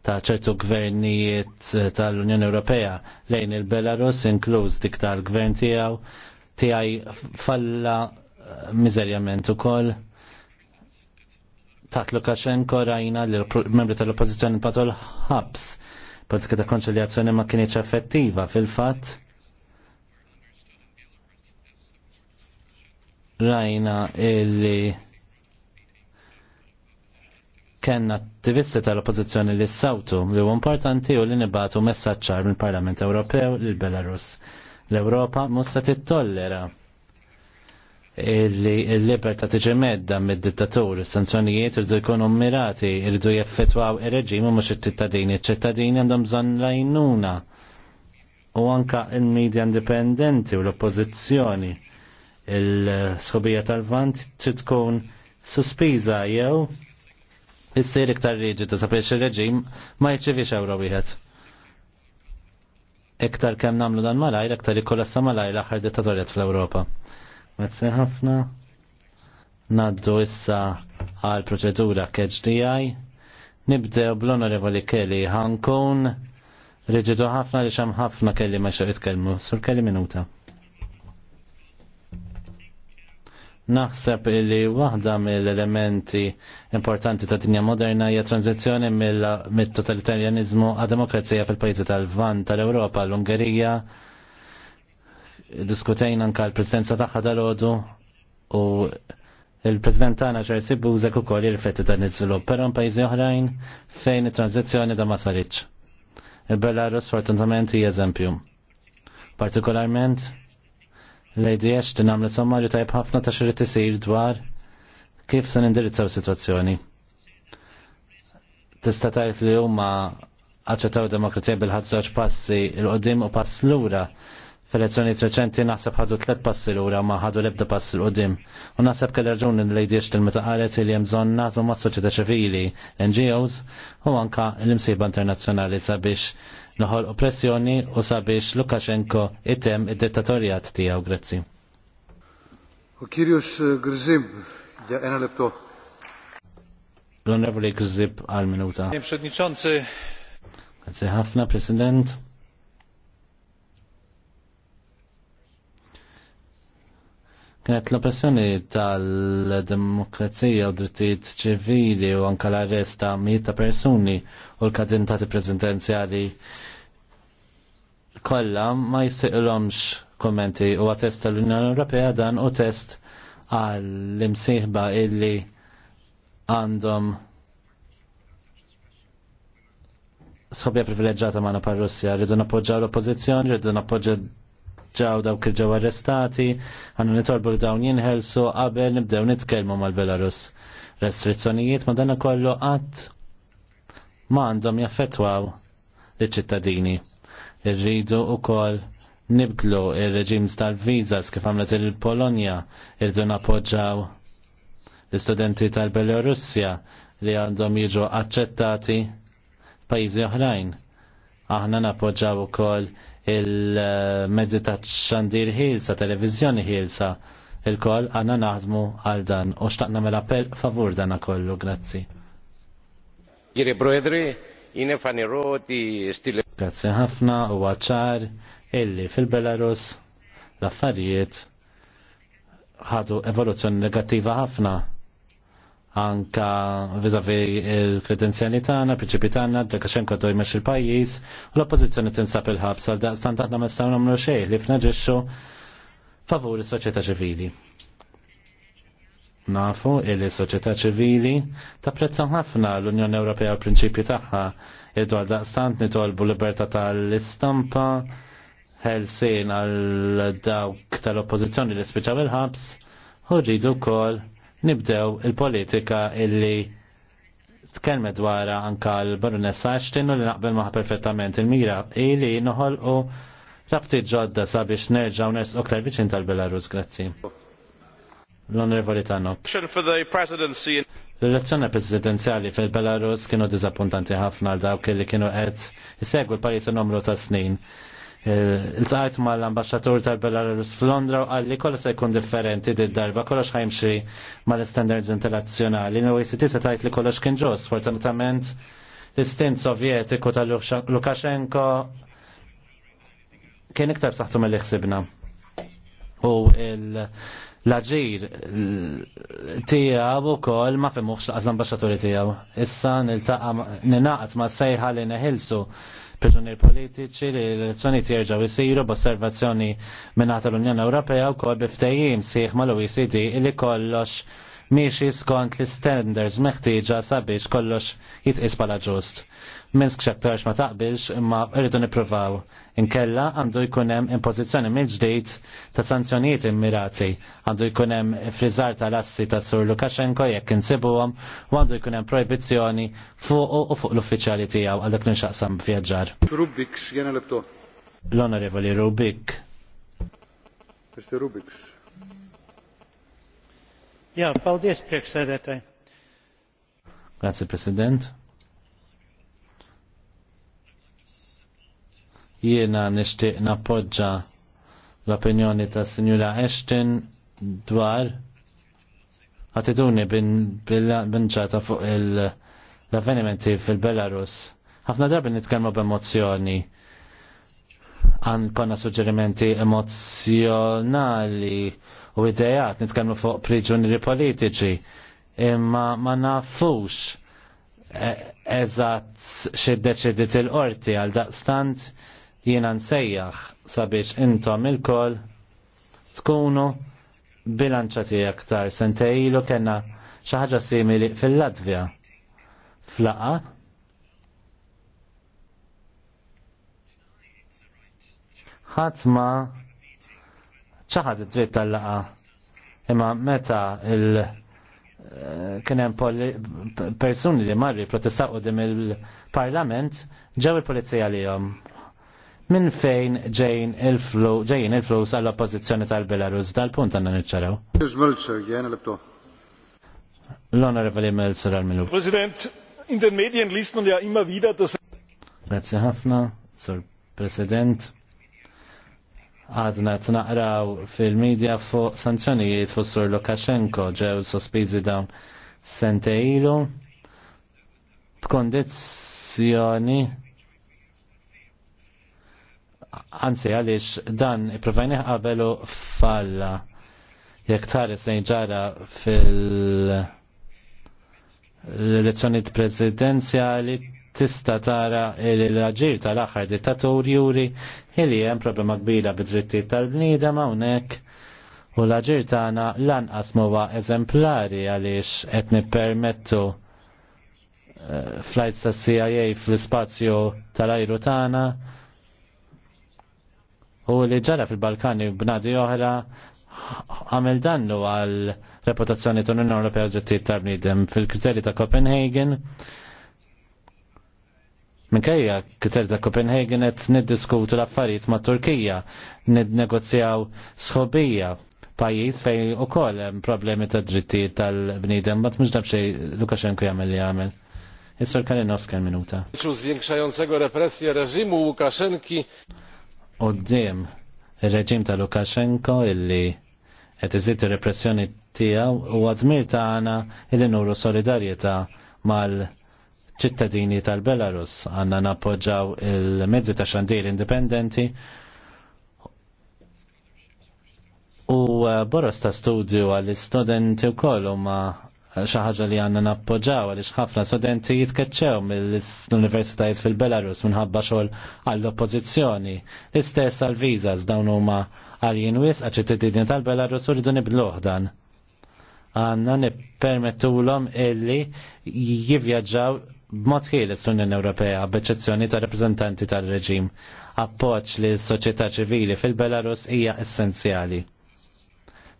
C: ta' ċertu gvernijiet tal-Unjoni Ewropea lejn il-Belarus inkluż dik tal-gvern tiegħu tiegħi falla miżerjament ukoll taħt Lukashenko rajna li membri tal-oppozizjoni patol ħabs. Politika ta' konċiljazzjoni ma kienieċ effettiva fil-fat. Rajna illi kenna attivisti tal-oppozizjoni li s-sawtu li u importanti u li nibatu messaċċar mill-Parlament Ewropew l-Belarus. L-Europa musta tittollera li l-liberta tiġi medda mid-dittatur, sanzjonijiet irdu jkunu mirati, irdu jaffetwaw ir-reġim u mux il ċittadini iċ-ċittadini għandhom bżon lajnuna u anka il-medja indipendenti u l-oppozizjoni. Il-sħobija tal-vant tkun suspiża jew issir iktar ta sabiex ir-reġim ma jċivix ewro wieħed iktar kem namlu dan malajr, iktar ikkolassa malajr l-axar dittatorjat fl-Europa. Grazie ħafna. Naddu issa għal proċedura KHDI. Nibdew bl-onorevoli Kelly Hankun. Riġidu ħafna li xam ħafna kelli ma xo jitkellmu. Sur kelli minuta. Naħseb li waħda mill-elementi importanti ta' dinja moderna hija tranzizzjoni mill-totalitarjanizmu għad demokrazija fil-pajjiżi tal-Van tal-Ewropa l-Ungerija. tal van tal ewropa l ungerija tal l ungerija diskutejna anka l-presidenza tagħha dal u il-president tagħna ċar sibbu użek ukoll jirfetti dan iż-żvilupp, però pajjiżi oħrajn fejn it-tranzizzjoni da ma saritx. Il-Belarus fortunatament hija eżempju. Partikolarment l-IDH din għamlet sommarju tajb ħafna ta' xirrid isir dwar kif se nindirizzaw sitwazzjoni. Tista' tajt li huma aċċettaw demokrazija bil-ħadżoġ passi l qudiem u pass lura f'elezzjonijiet reċenti naħseb ħadu tliet passi lura ma ħadu l-ebda passi l-qudiem. U naħseb kell rġuni li jdiex tal meta qalet li hemm bżonn nagħtu ma' soċjetà ċivili, NGOs u anka l-imsiba internazzjonali sabiex noħol oppressjoni u sabiex Lukashenko item id-dittatorjat tiegħu grazzi.
D: U Kirjus eh, Grzim, ja ena lebto.
C: L-Onorevoli Grzib għal-minuta.
D: Grazie
C: ħafna, President. Kienet l-oppressjoni tal-demokrazija u drittijiet ċivili u anka l-arrest ta' mijiet ta' persuni u l-kadintati prezidenzjali kollha ma jsiqilhomx kommenti u għatest tal-Unjoni Ewropea dan u test għall-imsieħba illi għandhom sħobja privileġġata ma' par Russja, rridu nappoġġaw l-oppozizjoni, rridu nappoġġa ġaw dawk il-ġew arrestati, għanna nitolbu li dawn jinħelsu qabel nibdew nitkellmu mal-Belarus. Restrizzjonijiet ma danna kollu qatt ma għandhom jaffetwaw l-ċittadini. Irridu u koll nibdlu il reġim tal-vizas kif għamlet il-Polonja irridu napoġġaw l-istudenti tal-Belorussja li għandhom jiġu accettati pajizi oħrajn. Aħna napoġġaw ukoll il-mezzi ta' xandir ħilsa, televizjoni ħilsa, il-koll għanna naħdmu għal dan u xtaqna l mela appell favur dan kollu, grazzi. Giri broedri, jine Roti stile. Grazzi ħafna u għacċar illi fil-Belarus l-affarijiet ħadu evoluzzjoni negattiva ħafna anka vizavi il-kredenzjali tagħna, prinċipji tagħna, Drakashenko doj mex il-pajjiż, u l-oppożizzjoni tinsab il-ħabs għal daqstant aħna ma nistgħu nagħmlu xejn li fnaġixxu favur is-soċjetà ċivili. Nafu il soċjetà ċivili tapprezza ħafna l-Unjoni Ewropea u l-prinċipji tagħha id-dwar daqstant nitolbu libertà tal-istampa, ħelsien għal dawk tal-oppożizzjoni li spiċaw il-ħabs, u rridu wkoll nibdew il-politika illi tkelmet dwara anka l-baronessa Ashton u li naqbel maħ perfettament il-mira illi noħol u rabti ġodda sabiex nerġaw ners oktar viċin tal-Belarus, grazzi. L-Onorevoli Tano. L-elezzjoni presidenziali fil-Belarus kienu dizappuntanti ħafna għal dawk li kienu qed isegwu l n numru ta' snin il-taqajt ma l-ambasċatur tal-Belarus f'Londra u għalli kolla se jkun differenti d-darba, kollox ħajmxi ma l-standards internazzjonali. Nu jisiti se tajt li kollox kien ġos, fortunatament l-istint sovjetiku tal-Lukashenko kien iktar saħtu mill ħsibna. U l-ġir tijaw u ma fimuħx laqas l-ambasċaturi tijaw. Issa nil-taqa, ma sejħa li neħilsu priġunier politiċi li l-elezzjonijiet jerġgħu jsiru b'osservazzjoni mingħata l-Unjoni Ewropea wkoll biftejjim sieħ mal-OECD li kollox miexi skont l-standards meħtieġa sabiex kollox jitqis bħala ġust. Minsk xaktarx ma taqbilx imma rridu nipruvaw. Inkella għandu jkun hemm impożizzjoni mill-ġdid ta' sanzjonijiet immirati, għandu jkun hemm friżar tal-assi ta' Sur Lukashenko jekk insibuhom u għandu jkun hemm proibizzjoni fuq u fuq l-uffiċjali tiegħu għal dak nixaqsam vjaġġar.
D: Rubik jena lebtu.
C: L-Onorevoli Rubik.
D: Mr. Rubik. Ja, paldies, preksedete.
C: Grazie, President. Jiena nixtieq nappoġġa l-opinjoni ta' Sinjura Ashton dwar attituni bil-ċata fuq l-avvenimenti fil-Belarus. ħafna drabi nitkellmu b'emozzjoni għan konna suġġerimenti emozjonali u idejat nitkellmu fuq priġunieri politiċi imma ma nafux e- eżatt xiddeċidiet il-qorti għal daqstant jiena nsejjaħ sabiex intom il-koll tkunu bilanċati aktar sentejlu kena xaħġa simili fil-Latvija. Flaqa? ħatma ċaħat id-dritt tal-laqa. Imma meta il- eh, kienem persuni li marri protestaw dim il-parlament ġew il-polizija li jom minn fejn ġejn il-flow, ġejn il-flows sal oppożizzjoni tal-Belarus, dal-punt għanna nċaraw. L-Honorable Melzer għal-Milu.
A: President, in den Medien list man ja immer wieder, dass.
C: Grazie ħafna, Sir President. Għadna t-naqraw fil-medja fuq sanzjonijiet fuq Sur Lukashenko ġew sospizi dawn sente ilu b'kondizzjoni anzi għaliex dan i-provajni qabelu falla jekk tħares ġara fil elezzjoni elezzjonijiet prezidenzjali tista' tara l-aġir tal-aħħar dittatur juri li hemm problema kbira bidritti drittijiet tal-bniedem hawnhekk u l-aġir tagħna lanqas huwa eżemplari għaliex qed nippermettu eh, flights tas CIA fl-ispazju tal-ajru tagħna u li ġara fil-Balkani b'nadi oħra għamil dannu għal reputazzjoni ta' l-Unjoni Ewropea ġettit ta' bniedem fil-kriterji ta' Copenhagen. Minkejja kriterji ta' Copenhagen qed niddiskutu l-affarijiet ma' Turkija, nid-negozjaw sħobija pajjiż fejn ukoll hemm problemi ta' drittijiet tal-bniedem, ma tmux nafx xejn Lukashenko jagħmel li jagħmel. Is-Sor minuta.
A: Zwiększającego represje reżimu Łukaszenki
C: qoddim ir-reġim ta' Lukashenko illi qed iżid ir-repressjoni tiegħu u għadmir tagħna illi nuru solidarjetà mal- ċittadini tal-Belarus għanna nappoġġaw il-mezzi ta' xandir indipendenti u eh, boros ta' studju għall istudenti u kollu ma xi ħaġa li għandna nappoġġaw għaliex ħafna studenti jitkeċċew mill-universitajiet fil-Belarus minħabba xogħol għall-oppożizzjoni. L-istess għall-viżas dawn huma għal-jien wis għaċ tal-Belarus u rridu nibluh dan. Għandna nippermettulhom illi jivvjaġġaw b'mod ħieles l-Unjoni Ewropea b'eċċezzjoni ta' rappreżentanti tal-reġim. Appoġġ li s-soċjetà ċivili fil-Belarus hija essenzjali.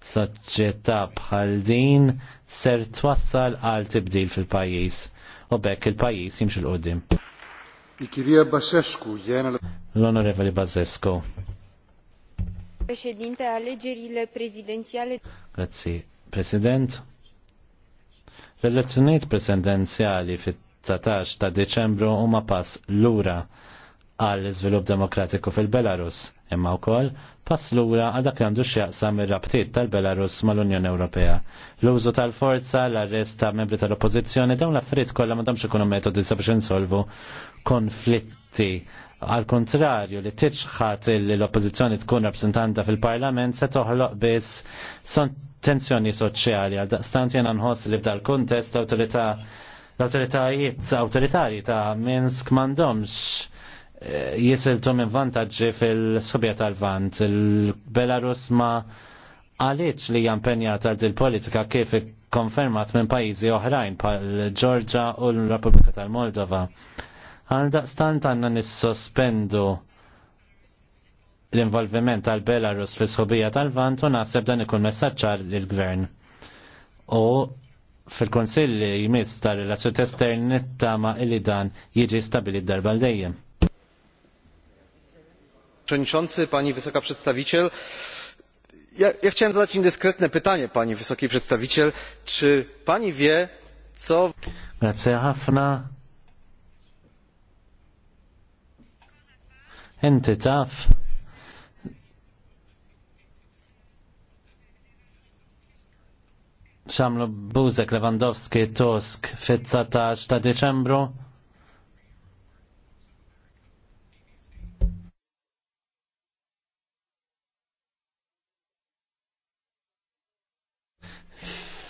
C: Soċjetà bħal din ser twassal għal tibdil fil-pajis. U bekk il-pajis jimx il-qoddim.
D: Ikirija Basescu, jena
C: l-Onorevoli Basescu.
E: Președinte, alegerile prezidențiale.
C: Grazie. President, l-elezzjoniet presidenziali fit-19 ta' Deċembru huma pass l-ura għal iżvilupp demokratiku fil-Belarus imma wkoll pass lura għal dak li għandu x'jaqsam ir-rabtiet tal-Belarus mal-Unjoni Ewropea. L-użu tal-forza, l-arrest ta' membri tal-Oppożizzjoni dawn l-affarijiet kollha m'għandhomx ikunu metodi sabiex insolvu konflitti għal kontrarju li tiċħat l-oppozizjoni tkun rappresentanta fil-parlament se toħloq biss tensjoni soċjali għal daqstant jena nħoss li f'dal kuntest l-autorità l-autoritajiet autoritarji ta' Minsk mandomx jisiltu minn vantaġġi fil sobja tal-vant. Il-Belarus ma għaliex li jampenjata il politika kif konfermat minn pajizi oħrajn pal ġorġa u l-Repubblika tal-Moldova. Għal daqstant għanna nissospendu l-involviment tal-Belarus fil sħubija tal-vant u naħseb dan ikun messaċċar il-gvern. U fil-konsilli jmiss tal-relazzjoni esterni ma' li dan jiġi stabili darba l-dejjem
B: przewodniczący! pani wysoka przedstawiciel! ja chciałem zadać indyskretne pytanie pani wysokiej przedstawiciel czy pani wie co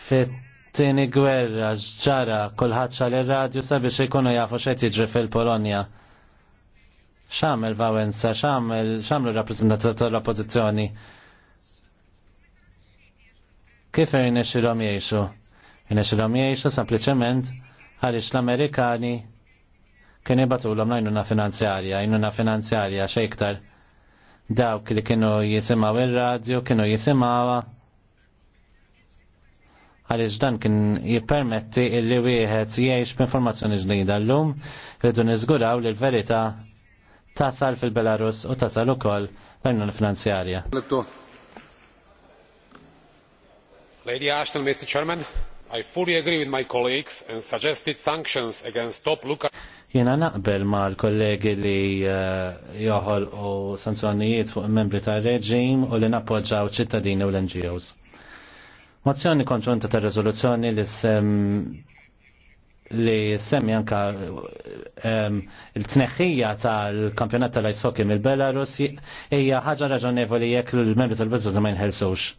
C: fit-tieni gwerra ġara kulħadd xal ir-radju sabiex ikunu jafu xejn jiġri fil-Polonja. X'għamel Vawenza, x'għamel x'għamlu rappreżentanti tal-oppożizzjoni? Kif er irnexxilhom jgħixu? Irnexxilhom jgħixu sempliċement għaliex l-Amerikani kien jibatu l għajnuna finanzjarja, għajnuna finanzjarja iktar Dawk li kienu jisimaw il-radio, kienu jisimawa, għaliex dan kien jippermetti illi wieħed jgħix b'informazzjoni ġdida llum rridu niżguraw li l-verità tasal fil-Belarus u tasal ukoll l-Unjoni Finanzjarja.
D: Lady Ashton, Mr. Chairman, I fully agree with my colleagues and suggested sanctions against top Luka.
C: Jena naqbel ma l-kollegi li eh, joħol u sanzjonijiet fuq membri tal-reġim u li nappoġġaw ċittadini u l-NGOs. Mozzjoni konġunta ta' rezoluzzjoni li sem li semmi anka um, il-tneħħija tal-kampjonat tal-ice mill-Belarus hija ħaġa raġonevoli jekk l-membri tal-Bezzos ma jinħelsux.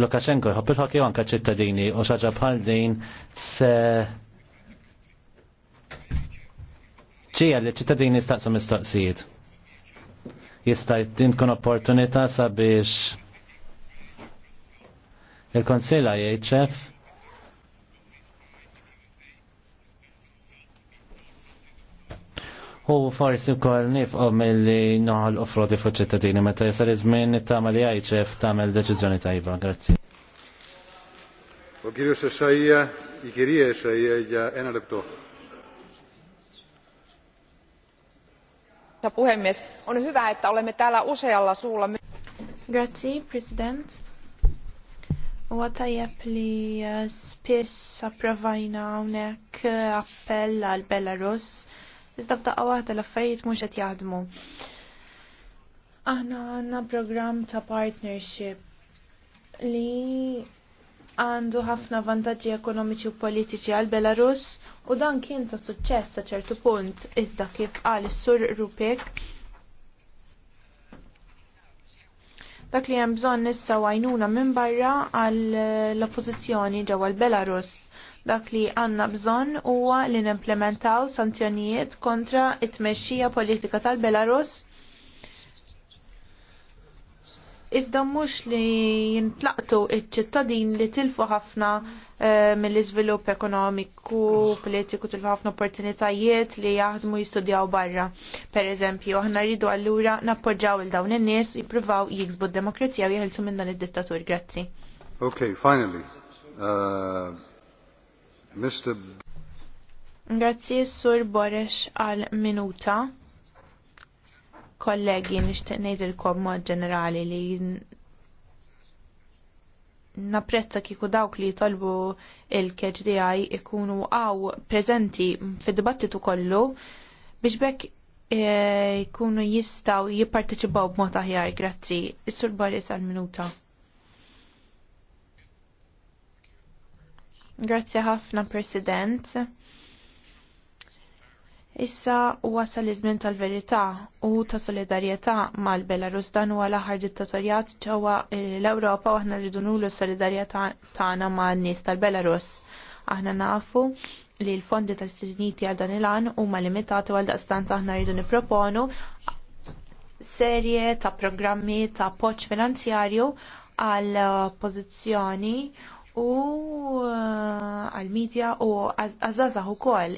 C: Lukashenko jħobb il ħokki u anka ċittadini u xaġa bħal din se ċija li ċittadini staqsu mistoqsijiet jista' jtintkun opportunità sabiex il-Konsilla jgħidxef U forsi wkoll nifqgħu milli noħol offrodi fuq ċittadini meta jsar iż-żmien nittama tagħmel jgħidxef tagħmel deċiżjoni tajba. Grazzi.
D: Ο κύριος Εσαΐα, η κυρία Εσαΐα για ένα λεπτό.
E: arvoisa puhemies on hyvä että olemme täällä usealla suulla. Grazzi, President. Huwa tajjeb li eh, spiss approvajna hawnhekk eh, appell għal Belarus iżda f'daqqa waħda l-affarijiet mhux qed jaħdmu. Aħna għandna programm ta' partnership li għandu ħafna vantaġġi ekonomiċi u politiċi għal Belarus u dan kien ta' suċċess sa' ċertu punt iżda kif għal is-sur Rupik. Dak li hemm bżonn issa għajnuna minn barra għall-oppożizzjoni ġewwa l-Belarus dak li għandna bżonn huwa li nimplementaw sanzjonijiet kontra t tmexxija politika tal-Belarus. Iżda mhux li jintlaqtu ċ ċittadin li tilfu ħafna Eh, mill-iżvilupp ekonomiku, politiku tul ħafna opportunitajiet li jaħdmu jistudjaw barra. Per eżempju, aħna rridu allura nappoġġaw il dawn in-nies jippruvaw jiksbu d-demokrazija u jeħilsu minn dan id-dittatur. Grazzi.
D: Ok, finally. Uh, Mr.
E: Grazzi Sur Boresh għal minuta. Kollegi, nishtiq ngħidilkom mod ġenerali li napprezza kieku dawk li jitolbu il-KHDI ikunu għaw prezenti fid-dibattitu kollu biex bekk eh, jkunu jistaw jipparteċipaw b'mod aħjar, grazzi. Is-sur Boris għal-minuta. Grazzi ħafna, President. Issa wasal iż-żmien tal-verità u ta' solidarjetà mal-Belarus dan huwa l-aħħar dittatorjat ġewwa eh, l-Ewropa u aħna rridu nulu s-solidarjetà tagħna man-nies tal-Belarus. Aħna nafu li l-fondi tal-Istiniti għal dan il-għan huma limitati għal daqstant aħna rridu nipproponu serje ta' programmi ta' poċ finanzjarju għal eh, pożizzjoni u eh, għal-medja u għazzazax u koll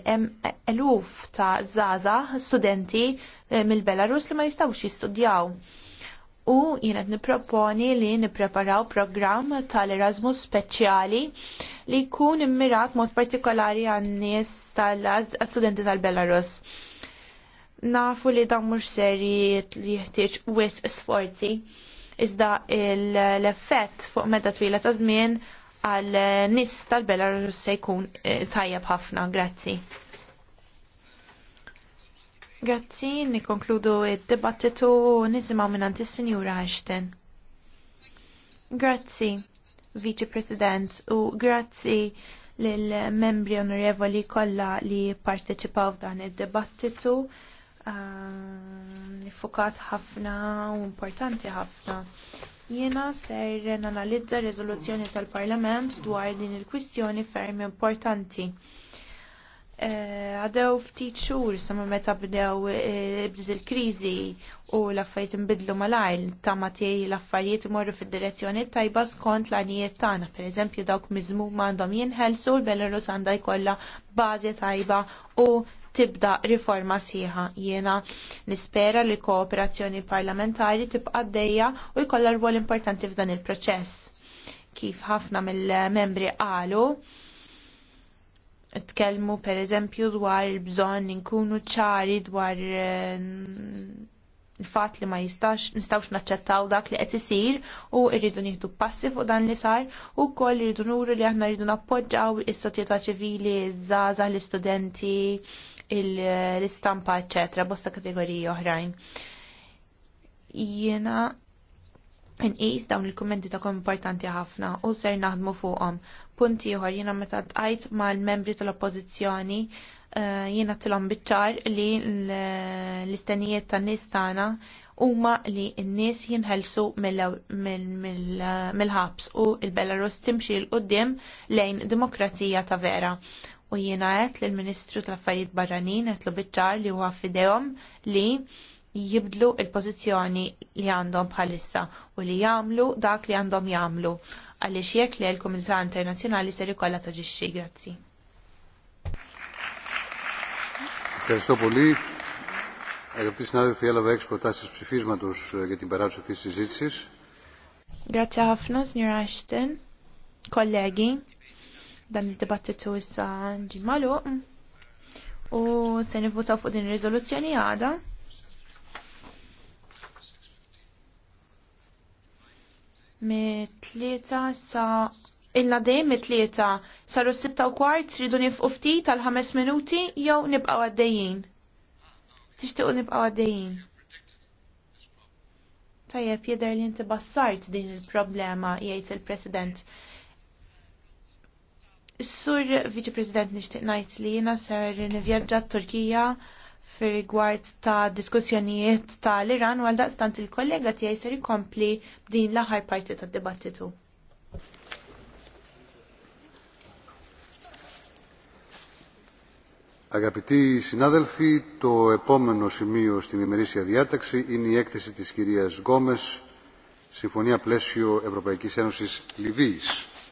E: eluf ta' zaza studenti eh, mill-Belarus li ma jistawx jistudjaw. U jienet niproponi li nipreparaw program tal-Erasmus speċjali li jkun immirat mod partikolari għan-nies tal-studenti tal-Belarus. Nafu li dan mhux seri li jeħtieġ wis sforzi iżda l-effett fuq meta twila ta' żmien għal nis tal-Belarus se jkun eh, tajjeb ħafna. Grazzi. Grazzi, nikonkludu id-dibattitu nisimaw minnant s sinjura Ashton. Grazzi, Vice President, u grazzi lill-membri onorevoli kollha li parteċipaw f'dan id-dibattitu uh, ah, fukat ħafna u importanti ħafna. Jiena ser nanalizza r-riżoluzzjoni tal-Parlament dwar din il-kwistjoni ferm importanti. E, għadew ftit xhur sama meta bdew e, bdiet il-kriżi u l-affarijiet inbidlu malajr tama tiegħi l-affarijiet imorru fid-direzzjoni tajba skont l-għanijiet tagħna. Pereżempju dawk miżmu m'għandhom jinħelsu l-Belarus għandha jkollha bażi tajba u tibda riforma sieħa. Jiena nispera li kooperazzjoni parlamentari tibqa' dejja u jkollha rwol importanti f'dan il-proċess. Kif ħafna mill-membri qalu, tkellmu pereżempju dwar il-bżonn inkunu ċari dwar eh, il-fat li ma jistax nistawx naċċettaw dak li qed isir u rridu nieħdu passi fuq dan li sar u wkoll rridu nuru li aħna rridu nappoġġaw is-soċjetà ċivili, iż-żgħażagħ, l-istudenti, l-istampa, eccetera, bosta kategoriji oħrajn. Jiena Inqis dawn il-kummenti ta' importanti ħafna u ser naħdmu fuqhom. Punti ieħor jiena meta tqajt mal-membri tal-Oppożizzjoni eh, jiena tilhom biċ-ċar li l-istennijiet tan-nies tagħna huma li n-nies jinħelsu mill-ħabs u l-Belarus timxi l qudiem lejn demokrazija ta' vera u jiena għet li l-Ministru tal-Affarijiet Barranin għet biċċar li huwa fidejhom li jibdlu il-pozizjoni li għandhom bħalissa u li jagħmlu dak li għandhom jagħmlu għaliex jekk li l-Komunità Internazzjonali ser ikollha taġixxi. Grazzi.
D: Ευχαριστώ πολύ. Αγαπητοί συνάδελφοι, έλαβα έξι προτάσει ψηφίσματο για την παράδοση αυτή τη συζήτηση.
E: Grazie ħafna, Hafnos, Ashton, kollegi. Dan id-dibattitu issa ġi malu u se nivvutaw fuq din ir-riżoluzzjoni għada. Mitlieta tlieta sa illa dej mit-tlieta saru sitta u kwart ridu nifqu ftit għal ħames minuti jew nibqgħu għaddejjin. Tixtiequ nibqgħu għaddejjin. Tajjeb jidher li inti bassart din il-problema jgħid il-President. Sur Vice President nishtiq ngħid li jina ser nivjaġġa t-Turkija fir rigward ta' diskussjonijiet ta' l iran għal daqstant il-kollega tiegħi ser ikompli din l-aħħar parti ta' dibattitu
D: Αγαπητοί συνάδελφοι, το επόμενο σημείο στην ημερήσια διάταξη είναι η έκθεση της κυρίας Γκόμες, Συμφωνία Πλαίσιο Ευρωπαϊκής Ένωσης Λιβύης.